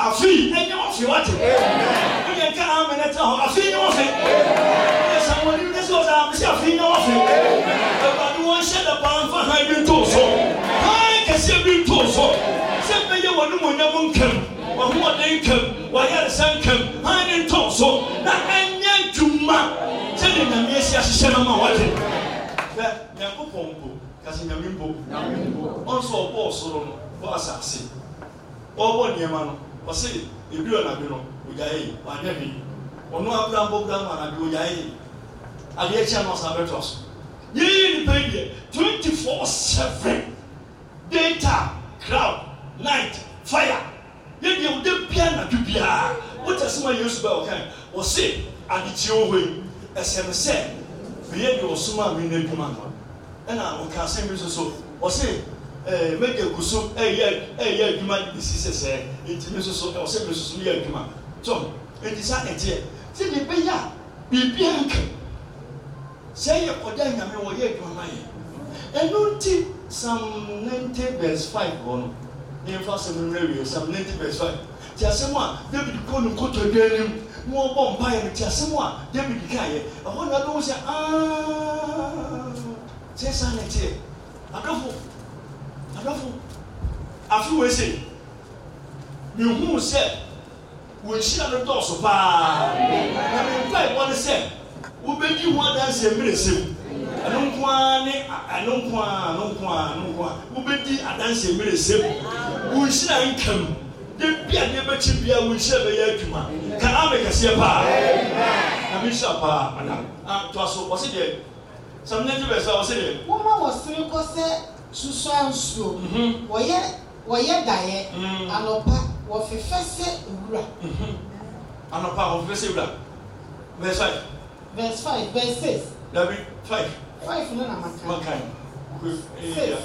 afi ɛnyɛ ɔfi wate ɛnyɛ nka ama ne tena hɔ afi nyɛ ɔfi ɛsan wɔn ni ne sɛ ɔsɛ amesi afi nyɛ ɔfi ɛgbani wɔn hyɛ dɛ ban fa han bi nto so han kɛseɛ bi nto so sɛ bɛyɛ wɔn ni mo nyɛ mo nkɛm wɔn ho ɔden nkɛm wɔn yɛ ɛsɛ nkɛm han ne nto so na ɛnyɛ dwuma sɛ de nyame esi ahyehyɛ na ma wate fɛ nyako pɔnko kasi nyame mbo ɔnso ɔbɔ ɔsoro no ɔbɔ ɔsi ebi ɔnabi no ɔgya yi wanyɛ bi ɔno abulambo bulambo anabi ɔgya yi adeɛ kyɛn no ɔsan bɛtɔ so yeye nipa yi deɛ twenty four seven data crowd night, fire yɛ deɛ ɔde bia anabi biara wɔte sɛ ma yesu bɛ ɔkan ɔsi adekyerɛ wɔ hɔ yi ɛsɛm sɛ fiyɛ deɛ ɔsoma mi na edwuma ɛna ɔka asɛm bi nso so ɔsi ɛɛ mɛgɛ gu so ɛyɛ ɛyɛ adwuma de si sɛsɛ nti mi soso ɔsɛ eh, mi soso yɛ adwuma tɔm nti sa ɛteɛ ti ne bɛ yɛ a biribi anka sɛ yɛ kɔda nyame wɔ yɛ adwuma ma yɛ ɛnu nti sam ninety verse five wɔ no ne nfa sɛ mo nwere wie sam ninety verse five ti asɛm a david kɔ ne nkotodwe anim na ɔbɔ mpa yɛ no ti asɛm a david ka yɛ ɛhɔ na bɛ wɔ sɛ aaaa sɛ saa na ɛteɛ adɔfo adɔfo afi wo ese mihu sɛ wo nhyira no dɔɔso paa na mi npa ɛbɔ ne sɛ wobɛdi ho adansi mmiri nsɛm ɛno nko ara ne ɛno nko ara ɛno nko ara ɛno nko ara wobɛdi adansi mmiri nsɛm wo nhyira nkam ebi a ne bɛkyi bia wo nhyira bɛyɛ adwuma ka ame kɛseɛ paa na mi nhyira paa madam a ah, to aso wɔsi deɛ sɛm ne ti bɛ sɛ wɔsi deɛ. wɔn a wɔsiri kɔ sɛ susua nsuo mm-hmm. wɔyɛ wɔyɛ daeɛ mm-hmm. anɔpa wɔfefɛ sɛ ewura. Mm-hmm. anɔpa wɔfefɛ sɛ ewura verse five. verse five verse six. dabi five. five eh, ne na maka. maka yi. six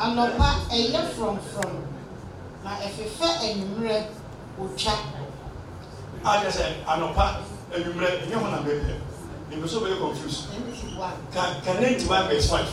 anɔpa ɛyɛ frɔmfrɔm na ɛfefɛ enyimerɛ otwa. a yɛ sɛ anɔpa enyimerɛ enyimerɛ na bɛ bɛ ebi so bɛ yɛ confused. ka ka ne ti ba verse five.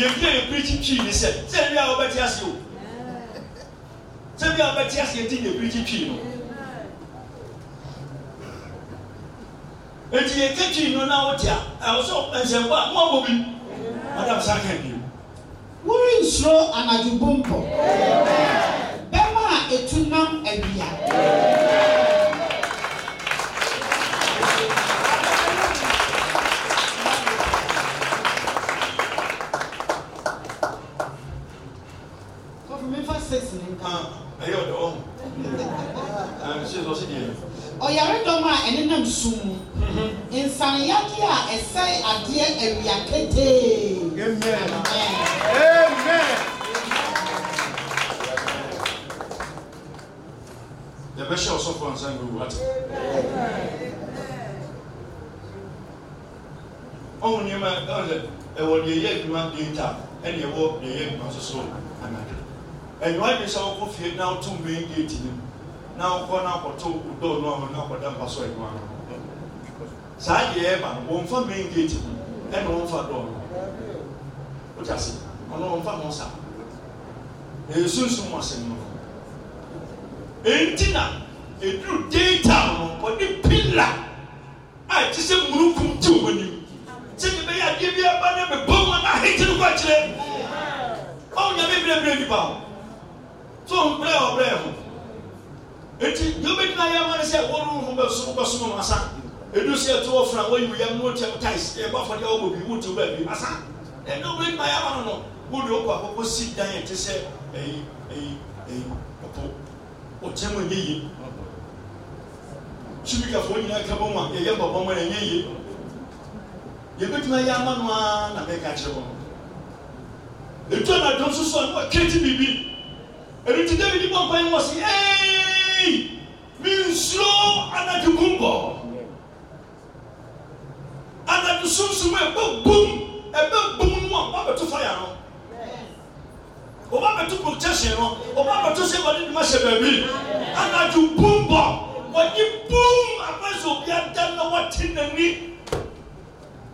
yɛmfi a yɛpirikyi twii ne sɛ sɛ bia wobɛte ase o sɛ bia wobɛte ase yɛti yɛpirikyi twii no eti yɛka twii no na wote a ɛwɔ sɛ nsɛmpa a e moabɔ bi madam sa ka bio worensuro anadwo bompɔ bɛma a ɛtu nam awia and we are creating. Amen. Amen. The bishop also for answering what? Oh, you might ɛwɔ deɛ yɛ adwuma town, and ɛwɔ deɛ yɛ adwuma soso anadwo ɛnua de sɛ wɔkɔ fie na wɔto main gate no na wɔkɔ na wɔkɔto dɔɔ no a wɔn na wɔkɔda mpa so ɛnua no I deɛ ɛba no wɔn fa main gate no ɛna wɔn fa dɔn o ti ase ɔno wɔn fa wɔn sa esunsun wɔn asɛm no eti na eduru deeta no wɔde pila a ti sɛ munukun ti wɔn anim sɛbi bɛyɛ adeɛ bi aba ne bɛ bɔ wɔn na ahete no kɔ akyerɛ ɔn nyame birabira nipa o so ɔbrɛ ɔbrɛ ho eti yɛ bɛ gyina yɛ ama ne sɛ wɔn ho bɛ so bɛ so wɔn asa edu si etu ofura wo yiwu ya mu o tẹmu tais ẹ bá fọdí ọwọ bi mu tu bẹẹbi asa ẹni o bẹẹ naya ma nínú wo de o kọ akoko si dan yẹn ti sẹ ẹyi ẹyi ẹyi ọpọ o tẹmu ẹyẹ yẹ sibi kafo nyina kaba mu a yẹyẹ bọ bọmọ ẹyẹ yẹ yẹ bẹ tuma ya ama nua na bẹ ká kyerẹ wọn etu ẹna dọm soso a ní wa kéétì bìbí ẹni ti dẹbi ní bọ mpa yẹn wọ si ẹẹ. ɛbɛ bum ɛbɛ bum mu a ɔba bɛtu fire no ɔba bɛtu protection no ɔba bɛtu sɛ wɔde duma hyɛ baabi anadu boom! bɔ wɔde bum abɛsɛ obi ada na wɔte n'ani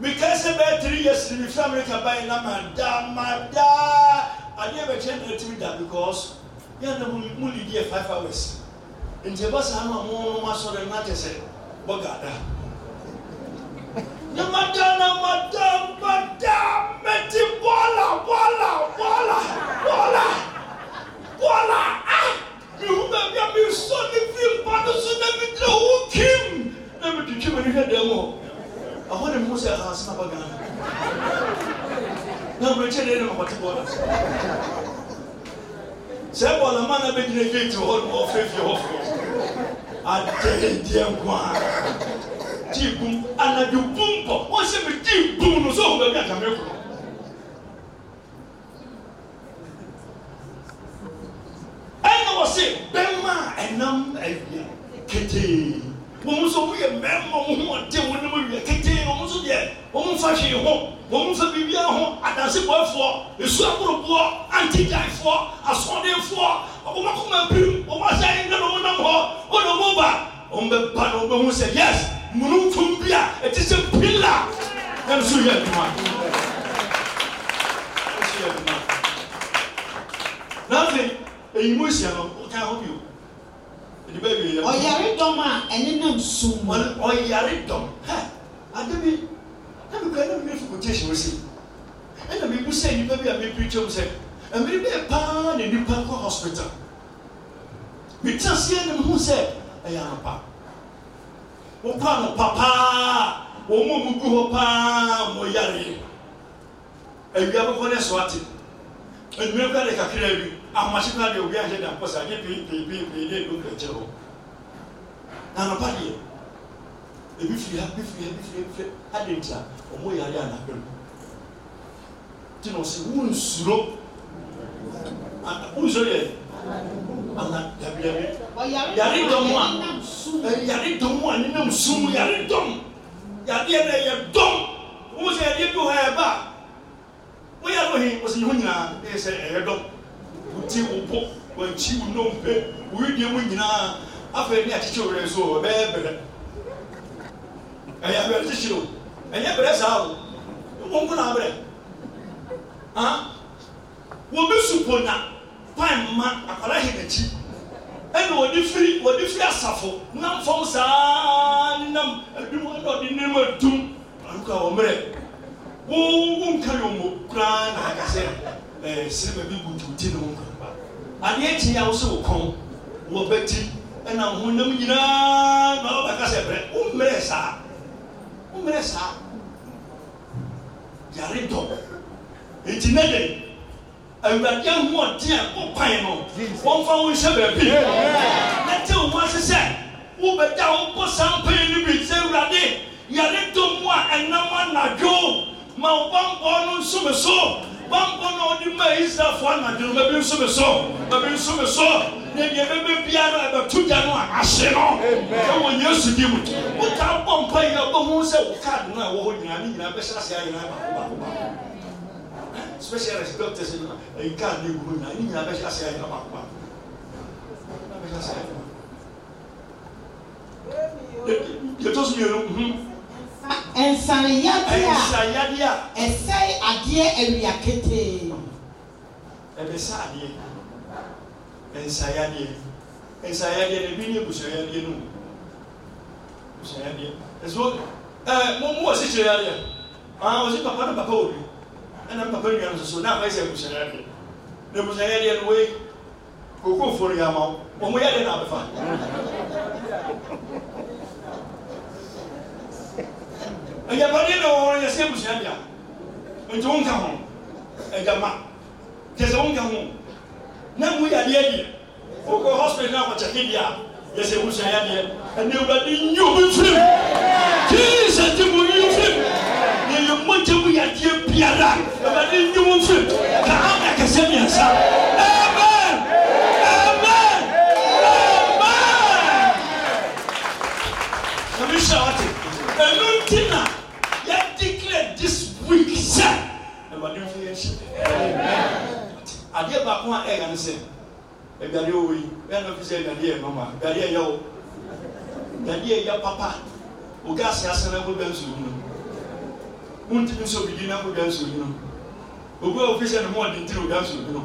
mika sɛ bɛyɛ three years ni mi fi america ban na ma da ma da adeɛ bɛkyɛ na ti mi da because yɛn na mu ni di yɛ five hours nti ɛbɛ saa na mo mo asɔrɔ na te sɛ bɔ gaada ni madana madam madam meti bọ́là bọ́là bọ́là bọ́là bọ́là ah mi hu bẹ bia mi sọ ni fi mpa do so na mi tẹ hu kim na mi tutu mi ni hẹ dẹ mu àwọn ni mo sẹ ha sinna ba gan na mo kyerɛ ne ma pati bọ́là sɛ bọ́là ma na bɛ gyina gate hɔ na ɔfɛ fie hɔ fɛ adeɛ deɛ nko ara gye gum anadwo bum bɔ wɔn hyɛ mi gye gum no so ohun baabi atame koro ɛna wɔ se bɛrima a ɛnam awia ketee wɔn nso wɔn yɛ mɛrima wɔn ho ɔde wɔn nam awia ketee wɔn nso deɛ wɔn nfa hwee ho wɔn nfa biribi ho adansi bɔɛfoɔ esu aboroboɔ antigyaefoɔ asɔɔdenfoɔ wɔn akoma birim wɔn asɛ ɛnna wɔn nam hɔ wɔn na wɔn ba wɔn bɛ ba na wɔn bɛ ho sɛ yɛs mununkum bi a ɛte sɛ pila nam so yɛ adwuma so yɛ adwuma na afei ɛyi mu ahyia no ɔka ho bio nnipa bi yɛ ɔyare dɔm a ɛne nam sum mu ɔyare dɔm hɛ ade bi na mi kura na mi fi quotation wɔsi ɛna mi bu sɛ nnipa bi a mi piri kyɛm sɛ ɛmiri bɛɛ paa na nnipa kɔ hospital mi tẹ ase ɛna mi hu sɛ ɛyɛ anapa wokɔ anɔpa paa wɔn mu gugu hɔ paa mo yare awia bɛkɔ ne so ate enumere kura de kakra bi ahomakye kura de obi ahyɛ da nkɔsa nye pii pii pii pii de edu kɛntɛ hɔ na anɔpa deɛ ebi firi ha ebi firi ha ebi firi ha ebi firi ha adi ntia wɔn yare anabɛn ti na ɔsi wɔn nsuro wɔn nsuro yɛ ana dabi dabi yare dɔm a. Eh, yare dɔm a nenam sum yare dɔm yadeɛ na yɛ dɔm wɔn sɛ yadeɛ bi wɔ ha yɛ ba wɔn yɛ lɔhin wɔn sɛ yɛn ho nyinaa ɛyɛ eh, sɛ ɛyɛ eh, dɔm wɔn ti wɔn bɔ wɔn akyi wɔn nom pɛ wɔn yɛ deɛ mu nyinaa afɛ ne akyekyere wɔn nso wɔ bɛyɛ bɛrɛ ɛyɛ abɛrɛ kyekyere o ɛyɛ bɛrɛ saa o wɔn kɔ na abɛrɛ han wɔn bɛ supɔ na pan ma akwadaa yɛ n'akyi ɛna wɔde firi wɔde firi asafo nam fam saa nam adum ɛna ɔde nneɛma adum anko a wɔmmerɛ wɔn wɔn nka yɔn mo koraa na aka sɛ ɛɛ sirima bi butu ti ne ho adeɛ kye ya wɔsɛ wɔ kɔn wɔ bɛti ɛna honam nyinaa na ɔba ka sɛ brɛ wɔmmerɛ saa wɔmmerɛ saa yare dɔ eti ne de awurade ahu ɔden a wokwan no wɔmfa wo nhyɛ baabi na te wo ho ase sɛ wobɛda wobɔ saa mpae no bi sɛ awurade yare dom mu a ɛnam anadwo ma wo bambɔ no nsome so bambɔ no ɔde maa israelfoɔ anadwo no baabi nsome so baabi nsome so na deɛ bɛbɛ biara ɛbɛto gya no a ahye no ɛwɔ yesu di mu wotaa bɔ mpa yi a wobɛhu sɛ wo kaade no a ɛwɔ hɔ nyinaa ne nyinaa bɛhyɛ ase ayɛ no baako baako baako specialist doctors eh, na nka ne gu na ne nyinaa bɛhyɛ ase ayɛ baako baako na bɛhyɛ ase ayɛ yɛtɔ so mmienu nsaneyadeɛ a nsaneyadeɛ a ɛsɛe adeɛ awia ketee ɛbɛsɛ adeɛ nsaneyadeɛ nsaneyadeɛ na ebi ne ebusuayadeɛ no ebusuayadeɛ ɛso ɛɛ mo mo wɔ si kyerɛ yadeɛ aa wɔ si papa ne papa wɔ bi ɛna papa nua no soso na ama sɛ abusua deɛ na abusua deɛ no wei koko foro yɛ ama wo wɔn mo yɛ deɛ na abefa ɛyɛpade na wɔn yɛ sɛ abusua deɛ nti wɔn ka ho ɛgama kɛse wɔn ka ho na mo yɛ adeɛ deɛ koko hospital na akɔkyɛ ke deɛ yɛ sɛ abusua yɛ deɛ ɛna ewurade nyi obi firi mu kii sɛ ti mu wogye mu yadeɛ biara awurade nyi wo mfiri ka ama kɛsɛ mmiɛnsa amen amen amen na mehyɛ wote ɛno nti na yɛdeclare this week sɛ awurade mfo yɛnhyɛ adeɛ baako a ɛyɛ ne sɛ aduane wɔ yi ɛna fi sɛ aduane yɛ mama aduane yɛ yɛwo aduane yɛ papa oga ase asɛn na bɛ nsu no wontumi nso bidi na kodwa nsonyi no obi a ofisa ne ho ɔde ntiri odwa nsonyi no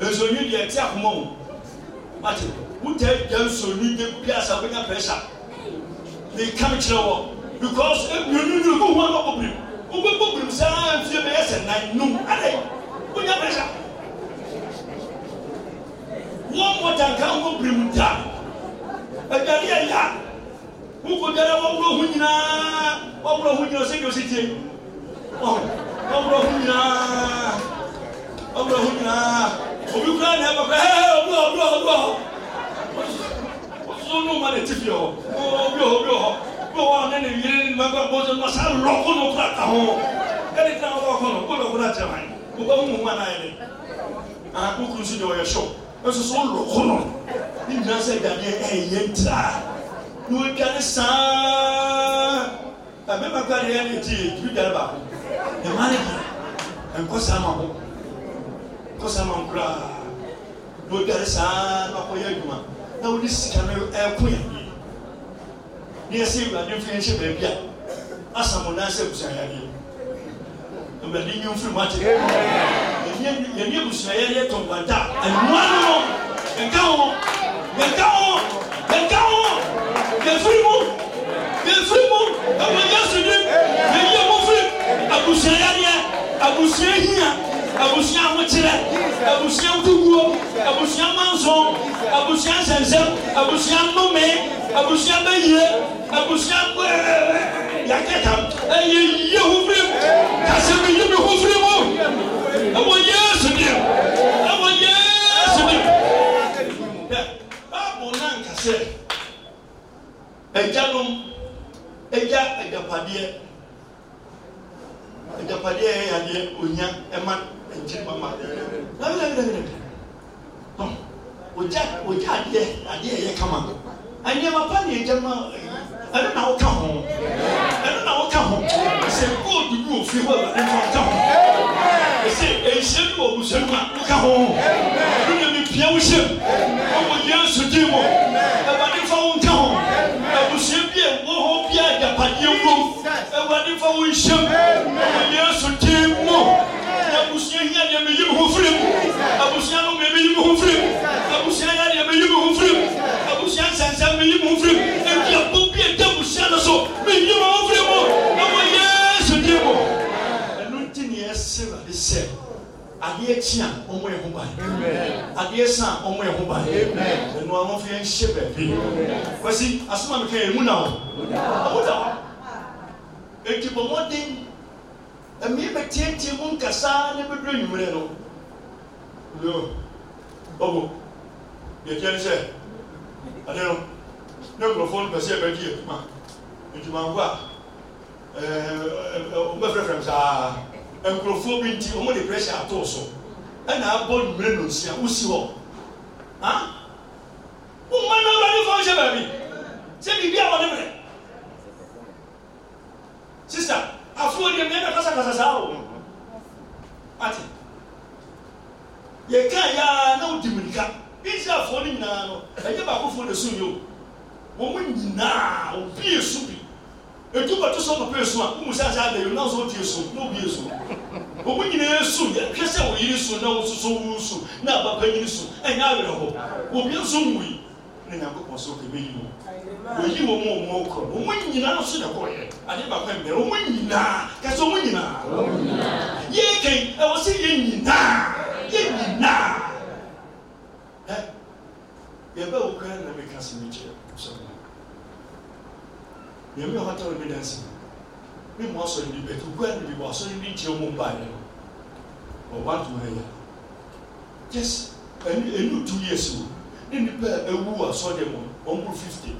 nsonyi deɛ ɛte akoma o mate wotaa gya nsonyi de bi asa wonya pressure de kam kyerɛ wɔ because ebionu ni obi ho ano bɔbiri obi bɔbiri saa nfie bɛyɛ sɛ nan num ade wonya pressure wɔn mɔ danka nkɔ biri mu da aduane yɛ ya wokɔ biara wɔwurɔ ho nyinaa wɔwurɔ ho nyinaa ɔsɛ deɛ ɔsɛ tie ɔwurɔ ho nyinaa ɔwurɔ ho nyinaa obi kura na ɛbɛkɔ ɛɛ obi wɔ obi wɔ obi wɔ wososo no ma na ti fi hɔ obi wɔ obi wɔ obi wɔ ne ne yere ne mɛkɔ bɔsɛ ma sa lɔko no kura ka ho ɛni tina wɔ kɔ no kɔlɔ kura kyɛ wan o bɛ mu ma na yɛ dɛ aa ko kuru si de ɔyɛ sɔ ɛsoso lɔko no ne nyinaa sɛ dadeɛ ɛyɛ ntira ne o dwa saa ɛmɛ ma kura de yɛ ne ti yɛ turu dɛrɛ baako ɛma ne ha ɛnkɔ saa ma ho nkɔ saa ma ho koraa na ɔdare saa na ɔkɔyɛ adwuma na wɔde sika no ɛko yɛ ne yɛsɛ awurade mfiri nhyɛ baabi a asa mo nan sɛ abusuayadeɛ awurade nyi mfiri mu ate yɛne abusuayɛdeɛ tɔn gbanta ɛnoa no no ɛnka ho ɛnka ho ɛnka ho yɛfiri mu yɛfiri mu ɛwɔ yɛsu ne abusua yadeɛ abusua hia abusua ahokyerɛ abusua ntuguo abusua manson abusua nsɛnsɛm abusua nnome abusua bɛyie abusua eh, yaketam ɛyɛ yie ho firi mu kase mi yi mi ho firi mu ɛwɔ yesu deɛ ɛwɔ yesu deɛ dɛ baabu nankasɛ ɛgyanom ɛgya agyapadeɛ agyapadeɛ ɛyɛ yadeɛ onya ɛma nkyiri mama dabidabidabidabi bɔn ogya ogya adeɛ adeɛ ɛyɛ kama nneɛma pa na egya ma ɛno na ɔka ho ɛno na ɔka ho sɛ gold bi wɔ fi hɔ ɛno na ɔka ho sɛ ehyia bi wɔ busua mu a ɔka ho ɛno na mi wo hyɛ ɔwɔ yɛn so mu ɛwɔ agyapadeɛ wom awurade fa wo nhyɛm wɔ yesu din mu abusua hia deɛ meyi me ho firi mu abusua no meyi me ho firi abusua ya deɛ meyi me ho firi abusua nsɛnsɛm meyi me ho firi mu ɛnti adeɛ kyi a wɔn yɛ ho ban adeɛ sa a wɔn yɛ ho ban ɛnu a wɔn fɛ nhyɛ baabi kwasi asoma mi ka yɛ mu na o. ɛmu na hɔ eti bɔ mɔden ɛmi bɛ tiɛtiɛ mu nkasa ne bɛ do enyimire no yoo ɔbɔ yɛ kyɛn sɛ ade no ne nkurɔfoɔ no pɛsɛ ɛbɛ di edwuma edwuma nko a ɛɛ ɛɛ ɔmo bɛ fɛrɛfɛrɛ saa nkurɔfoɔ bi nti ɔmo de pressure so ɛna abɔ nnwere no nsia wosi hɔ ha woma na awurade fa wohyɛ baabi sɛ biribi a wɔde mmerɛ sista afoɔ deɛ mmeɛ bɛkasakasa saa o ate yɛka yaa na wodi mirika israelfoɔ no nyinaa no ɛnyɛ baakofoɔ na ɛsum yɛ o wɔn mu nyinaa obi esu bi edu bɛto so ɔpapa esu a wɔn mu sɛ asɛ ada yi o nanso ɔdi esu na esu wɔn nyinaa su yɛhwɛ sɛ wɔn yiri su na wɔn soso wɔn su na abapa yiri su ɛnyɛ awerɛ hɔ obi nso nwui na nyankopɔn so kɛmɛ yi wɔn wɔyi wɔn wɔn wɔn kɔ wɔn nyinaa so na kɔɔyɛ ade baako mbɛ wɔn nyinaa kɛse wɔn nyinaa yɛn kɛn ɛwɔ sɛ yɛn nyinaa yɛn nyinaa ɛ yɛn bɛ wɔ kwan na bɛ kasi mi kyerɛ sɔrɔ yɛn mi yɛ hɔ ta wɔn mi dansi mi ne mu asɔ ne bi bɛtɛ okura ne bi wɔ asɔ ne bi nkyɛn mu ba yɛ no ɔba to ɛyɛ yes ɛnu ɛnu two years o ne nipa ewu asɔ de mu ɔmo fifty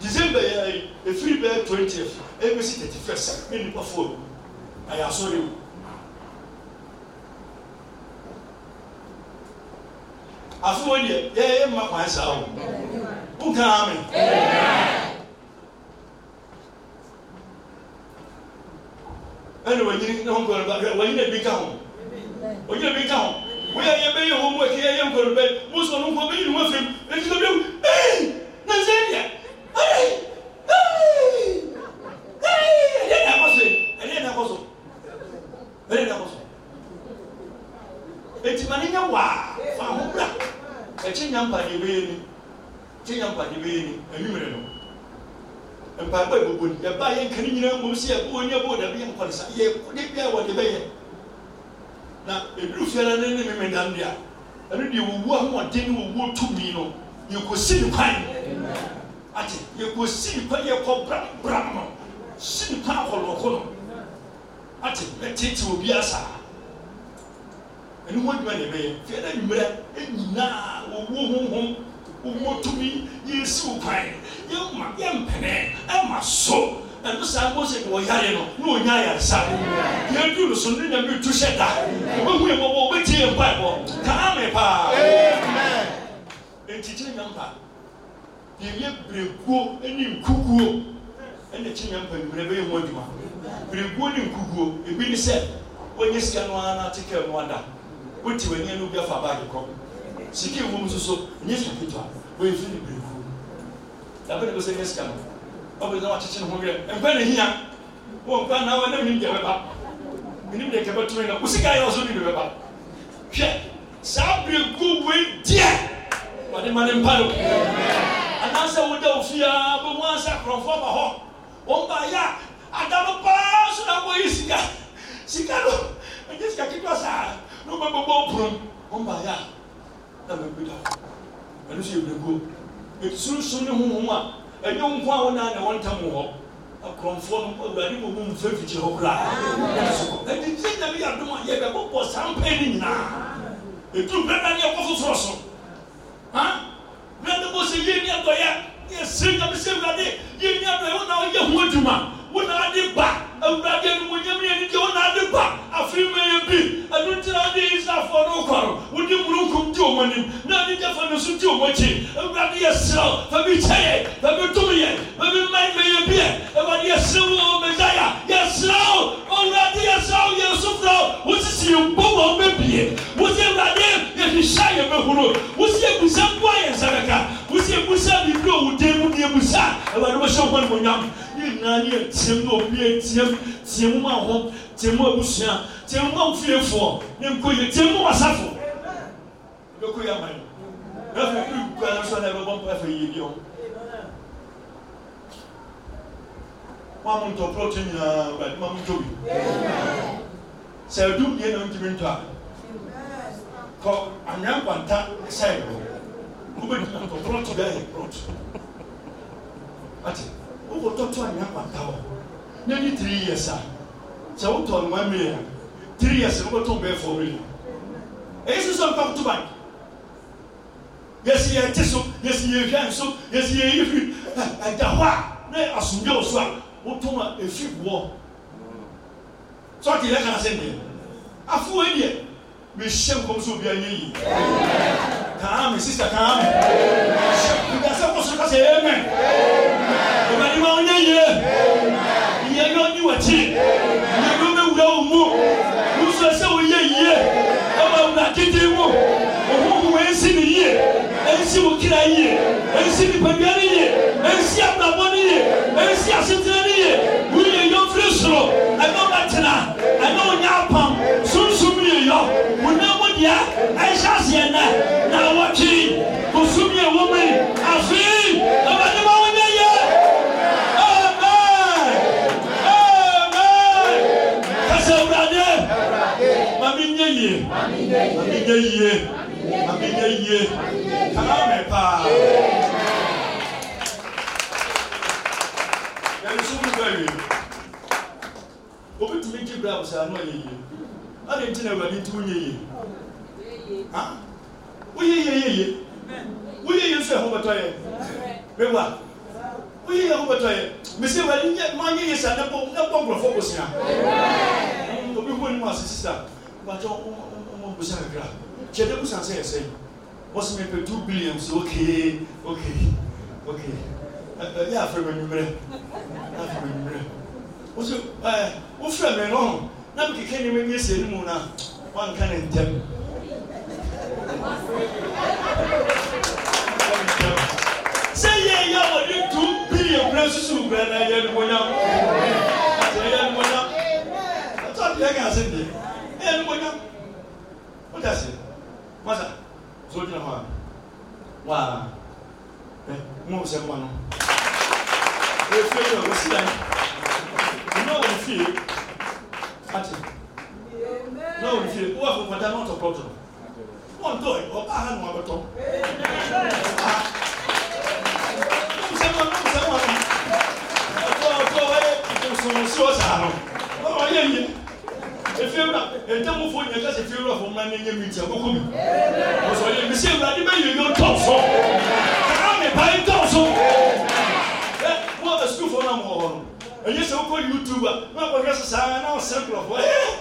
december yɛ ayi efiri bɛyɛ twentieth ebesi thirty first ne nipa four ayɛ asɔ de mu. afọwọ́ yẹ yẹ yẹ mma kwan saa o nkan mi. ɛna wɔnyini ne ho nkɔlɔba wɔnyini ebi ka ho wɔnyini ebi ka ho wɔyɛ yɛ bɛyɛ wɔn mu ɛkɛ yɛ yɛ nkɔlɔba yi mu sɔn no nkɔ bɛyi ne ho afɛm ɛkisɛ bɛyi bɔ ni yɛba yɛ nkani nyinaa mmom sɛ yɛbɔ ni yɛbɔ dabi yɛ nkɔlesa yɛ kɔde bia wɔde bɛyɛ na eduru fiara ne ne meme dan dea ɛno deɛ wɔwu ahoɔden ne wɔwu tumi no yɛkɔsi ne kwan ate yɛkɔsi ne kwan yɛkɔ brabra no si ne kwan akɔlɔkɔ no ate ɛtete obi asa ɛno ho adwuma ne bɛyɛ fiara ne mmerɛ nyinaa wɔwu honhom wɔwu tumi yɛsi wo kwan no ɛma yɛmpɛnɛ ɛma so ɛno saa mose wɔ yare no na ɔnya ayaresa yɛadu no so ne nyame tu hyɛ da wobɛhu yɛ bɔbɔ wobɛtie yɛ mpaebɔ kaa me paa ɛntikyere nyampa yɛyɛ berɛkuo ne nkukuo ɛna kyere nyampa mmerɛ bɛyɛ ho adwuma berɛkuo ne nkukuo ebi ne sɛ wɔnyɛ sika no ara na ate kaa mu ada wote w'ani ano bi afa baage kɔ sika ewu mu nso so nyɛ sika ketewa wɔyɛ firi berɛkuo dabe ne bɛ se ne sika no ɔbɛ ne wakyekyɛ ne ho werɛ mpɛ ne hia wɔ mpɛ na wɔ nam ne deɛ bɛba menim deɛ kɛbɛ tumi na wosi kaa yɛ ɔso ne de bɛba hwɛ saa bere gu wei deɛ ma ne mpa no anaasɛ woda ofia bɛmu ansa akorɔfoɔ ba hɔ wɔn ba yɛ a paa so na wɔyi sika sika no ɛnyɛ sika ketewa saa na wɔbɛbɛbɔ opurom wɔn ba yɛ na mɛbi da ɛno yɛ bere gu sunsun ne huhum a ɛnyɛ nko a wɔnaa na wɔn ntam hɔ akorɔmfoɔ no awurade bɔ mu mfe mfikyiri hɔ kora ɛdi gye nyame yɛ adom a yɛbɛbɔbɔ saa mpɛn no nyinaa ɛduru bɛda ne yɛkɔ foforɔ so ha bɛda bɔ sɛ yɛ ni adɔyɛ yɛsɛ nyame sɛ awurade yɛ ni adɔyɛ wo na woyɛ ho adwuma wo na ade ba awurade animonyam yɛ ne deɛ wonaade ba afei ma yɛ bi ɛno nti na wode israelfoɔ no wokɔro wode murukum di ɔm anim na ade gyafa no so di ɔm akyi awurade yɛserɛ wo fa bi kyɛ yɛ fa bi tom yɛ fa bi man ma yɛ bi ɛ awurade yɛserɛ wo mesaia yɛserɛ wo awurade yɛserɛ wo yɛn so frɛ wo wosisi yɛ mbɔ wɔ mɛbie wosɛ awurade yɛhyehyɛ yɛ bɛhuro wosɛ ebusa yɛ nsɛmɛka wosɛ ebusa biribi a wo dan mu deɛ busa awurade wɔhyɛ wo hɔ yɛ nyinaa ne yɛteɛm na obi yɛteɛm teɛm mu ahɔ teɛm mu abusua teɛm mu amfiefoɔ ne nkoyɛ teɛm mu wasafo bɛkɔ yɛ aman na afei kuru kura no na ɛbɛbɔ mpa afei yɛ bi ɔmo wọn mu ntɔ pɔlɔtɔ nyinaa ɔbɛdi wọn mu ntɔ bi sɛ ɛdu ati wokɔtɔtɔ nyɛ kwata hɔ nyɛ ni three years a sɛ wotɔ one million three years no wobɛtɔ bɛyɛ four million ɛyɛ sɛ sɛ ɔmfa koto bank yɛsi yɛ ti so yɛsi yɛ hwɛ nso yɛsi yɛ yi fi ɛda hɔ a ne asomdwe wɔ so a wotɔn a efi wɔ sɔɔti yɛ kana sɛ ndeɛ afuwa deɛ mɛ hyɛ nkɔm so obi a yɛ yi kaa mi sista kaa mi hyɛ nkɔm sɛ kɔsɔ. maame yie maame yie kana mɛ paa yɛnso bi obi tumi gye bra bosa ano yɛ yie ɔde nti na awurade nti wonyɛ yie ha woyɛ yie yie yie woyɛ yie nso ɛho bɛtɔ yɛ mewa woyɛ yie ɛho bɛtɔ yɛ mesi awurade nyɛ maa nyɛ yie sa ne bɔ ne bɔ nkurɔfoɔ bosia obi hu onim ase sisa wagye ɔmo busa kakra kyɛ dɛ busa sɛ ɛsɛ wɔsi mi pɛ two billion so okay okay okay ɛyɛ afɛ mi nimerɛ afɛ mi nimerɛ wosi ɛɛ wofura mi no na mi keke nneɛma bi esi anim na wanka ne ntɛm. sɛ yɛ yɛ wɔde two billion kura susu kura na yɛ nubonyam yɛ nubonyam ɛtɔ deɛ ka ase deɛ yɛ nubonyam wote ase masa so wogyina hɔ a waa ɛ mo sɛ mma no efie no a não eu fui wɔn não eu fui o fie wo afɔkɔta na ɔtɔ pɔtɔ wɔn tɔ ɔbaa ha na wɔabɛtɔ. ntamu fo nyɛ kasa fi wura fo mura ne nye mi ntia koko mi ɔsɔ yɛ misi ewurade bɛ yɛ yɔ so kaka mi ba yi tɔw so ɛ mo a bɛ sukuu fo na mo wɔ hɔ no ɛnyɛ sɛ wokɔ youtube a mo akɔ hwɛ sisan n'aw sɛ nkurɔfoɔ ɛɛ.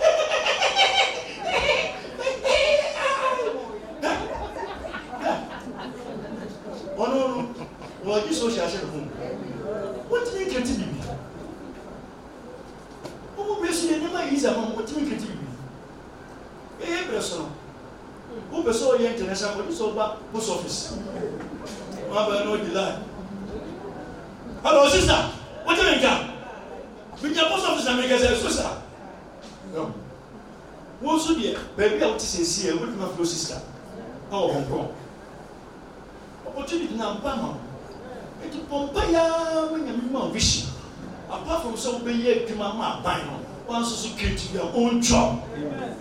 ama aban no wɔn nso so kɛntɛ bi a ɔntwa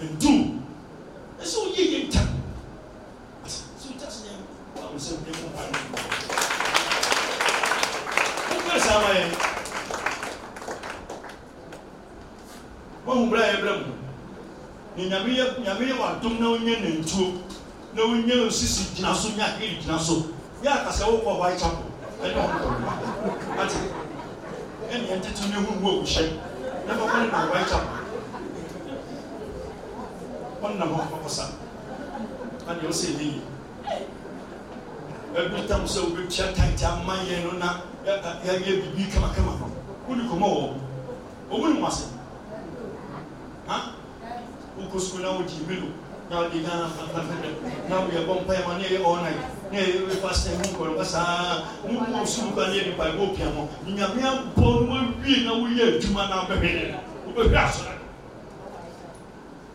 ndu ɛsɛ ɔyɛ yɛ ntam ɛsɛ ɔyɛ ntam yɛ wɔn a wɔsɛ ɔyɛ mɔpa no ɔkpɛ saa ma yɛ wɔn mu bra yɛ bra mu na nyame yɛ nyame yɛ wadom na ɔnyɛ ne ntuo na ɔnyɛ osisi gyina so nyɛ akeyi gyina so yɛ akasa wɔkɔ ɔbaa kyapɔ ɛna ɔkɔ ɔbaa ati ɛna yɛn tete ne ho wo ɔhyɛ na ma wannan waitan wannan makwasa an yau sai ni ebi tam sɛ wobɛtua tanta ma yɛn no na yɛyɛ biribi kamakama wode kɔmɔ wɔ ɔmu ne mu ase wokɔ sukuu na wodi milo na wode ghana na woyɛ bɔ mpaɛ ma ne ɛyɛ all night pastor mu nkɔlɔ saa mu sunukanni nipa yi k'o kɛ mɔ nyamia bɔ mu wi na wuyɛ juma na bɛɛ bɛ o bɛ hwɛ asɔrɔ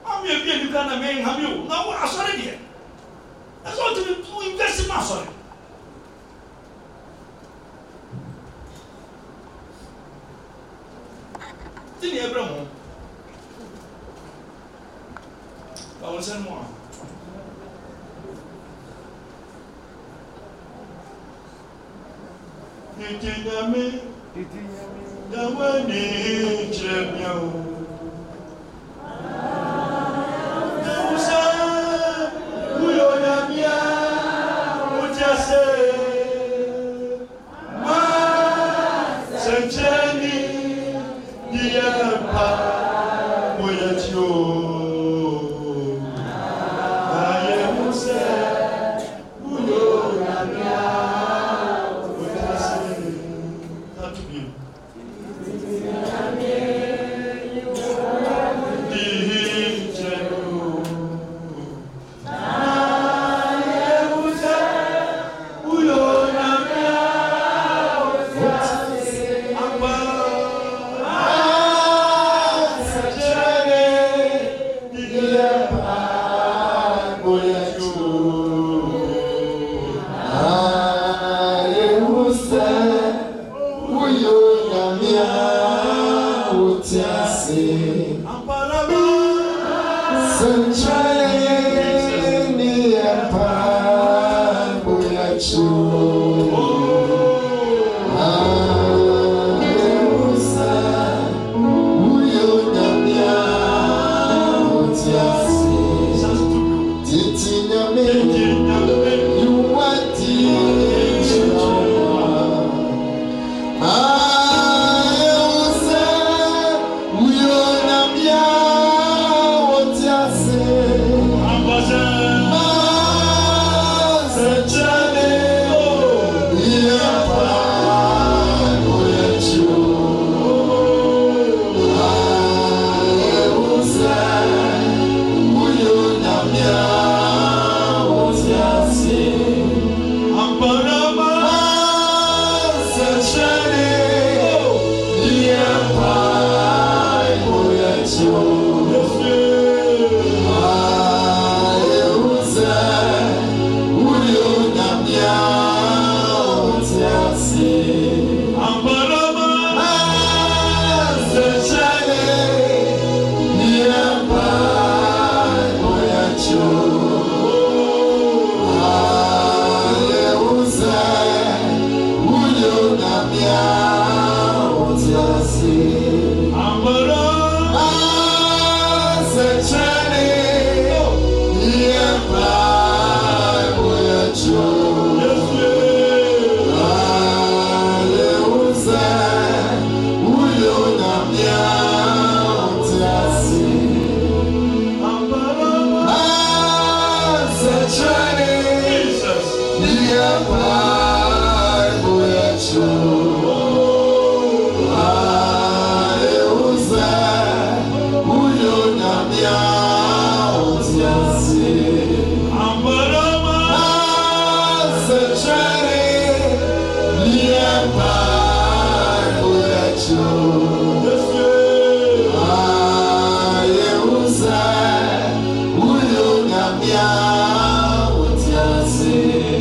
awo yɛ bi yɛ nika na mɛ hami o na wo asɔrɔ deɛ ɛsɛ o ti mu invest ma asɔrɔ. ti ni ɛbrɛ mu bawo sɛ mu a. ìtìyàmí ìtìyàmí yàwé ní ìjẹ̀mí ọ̀hún.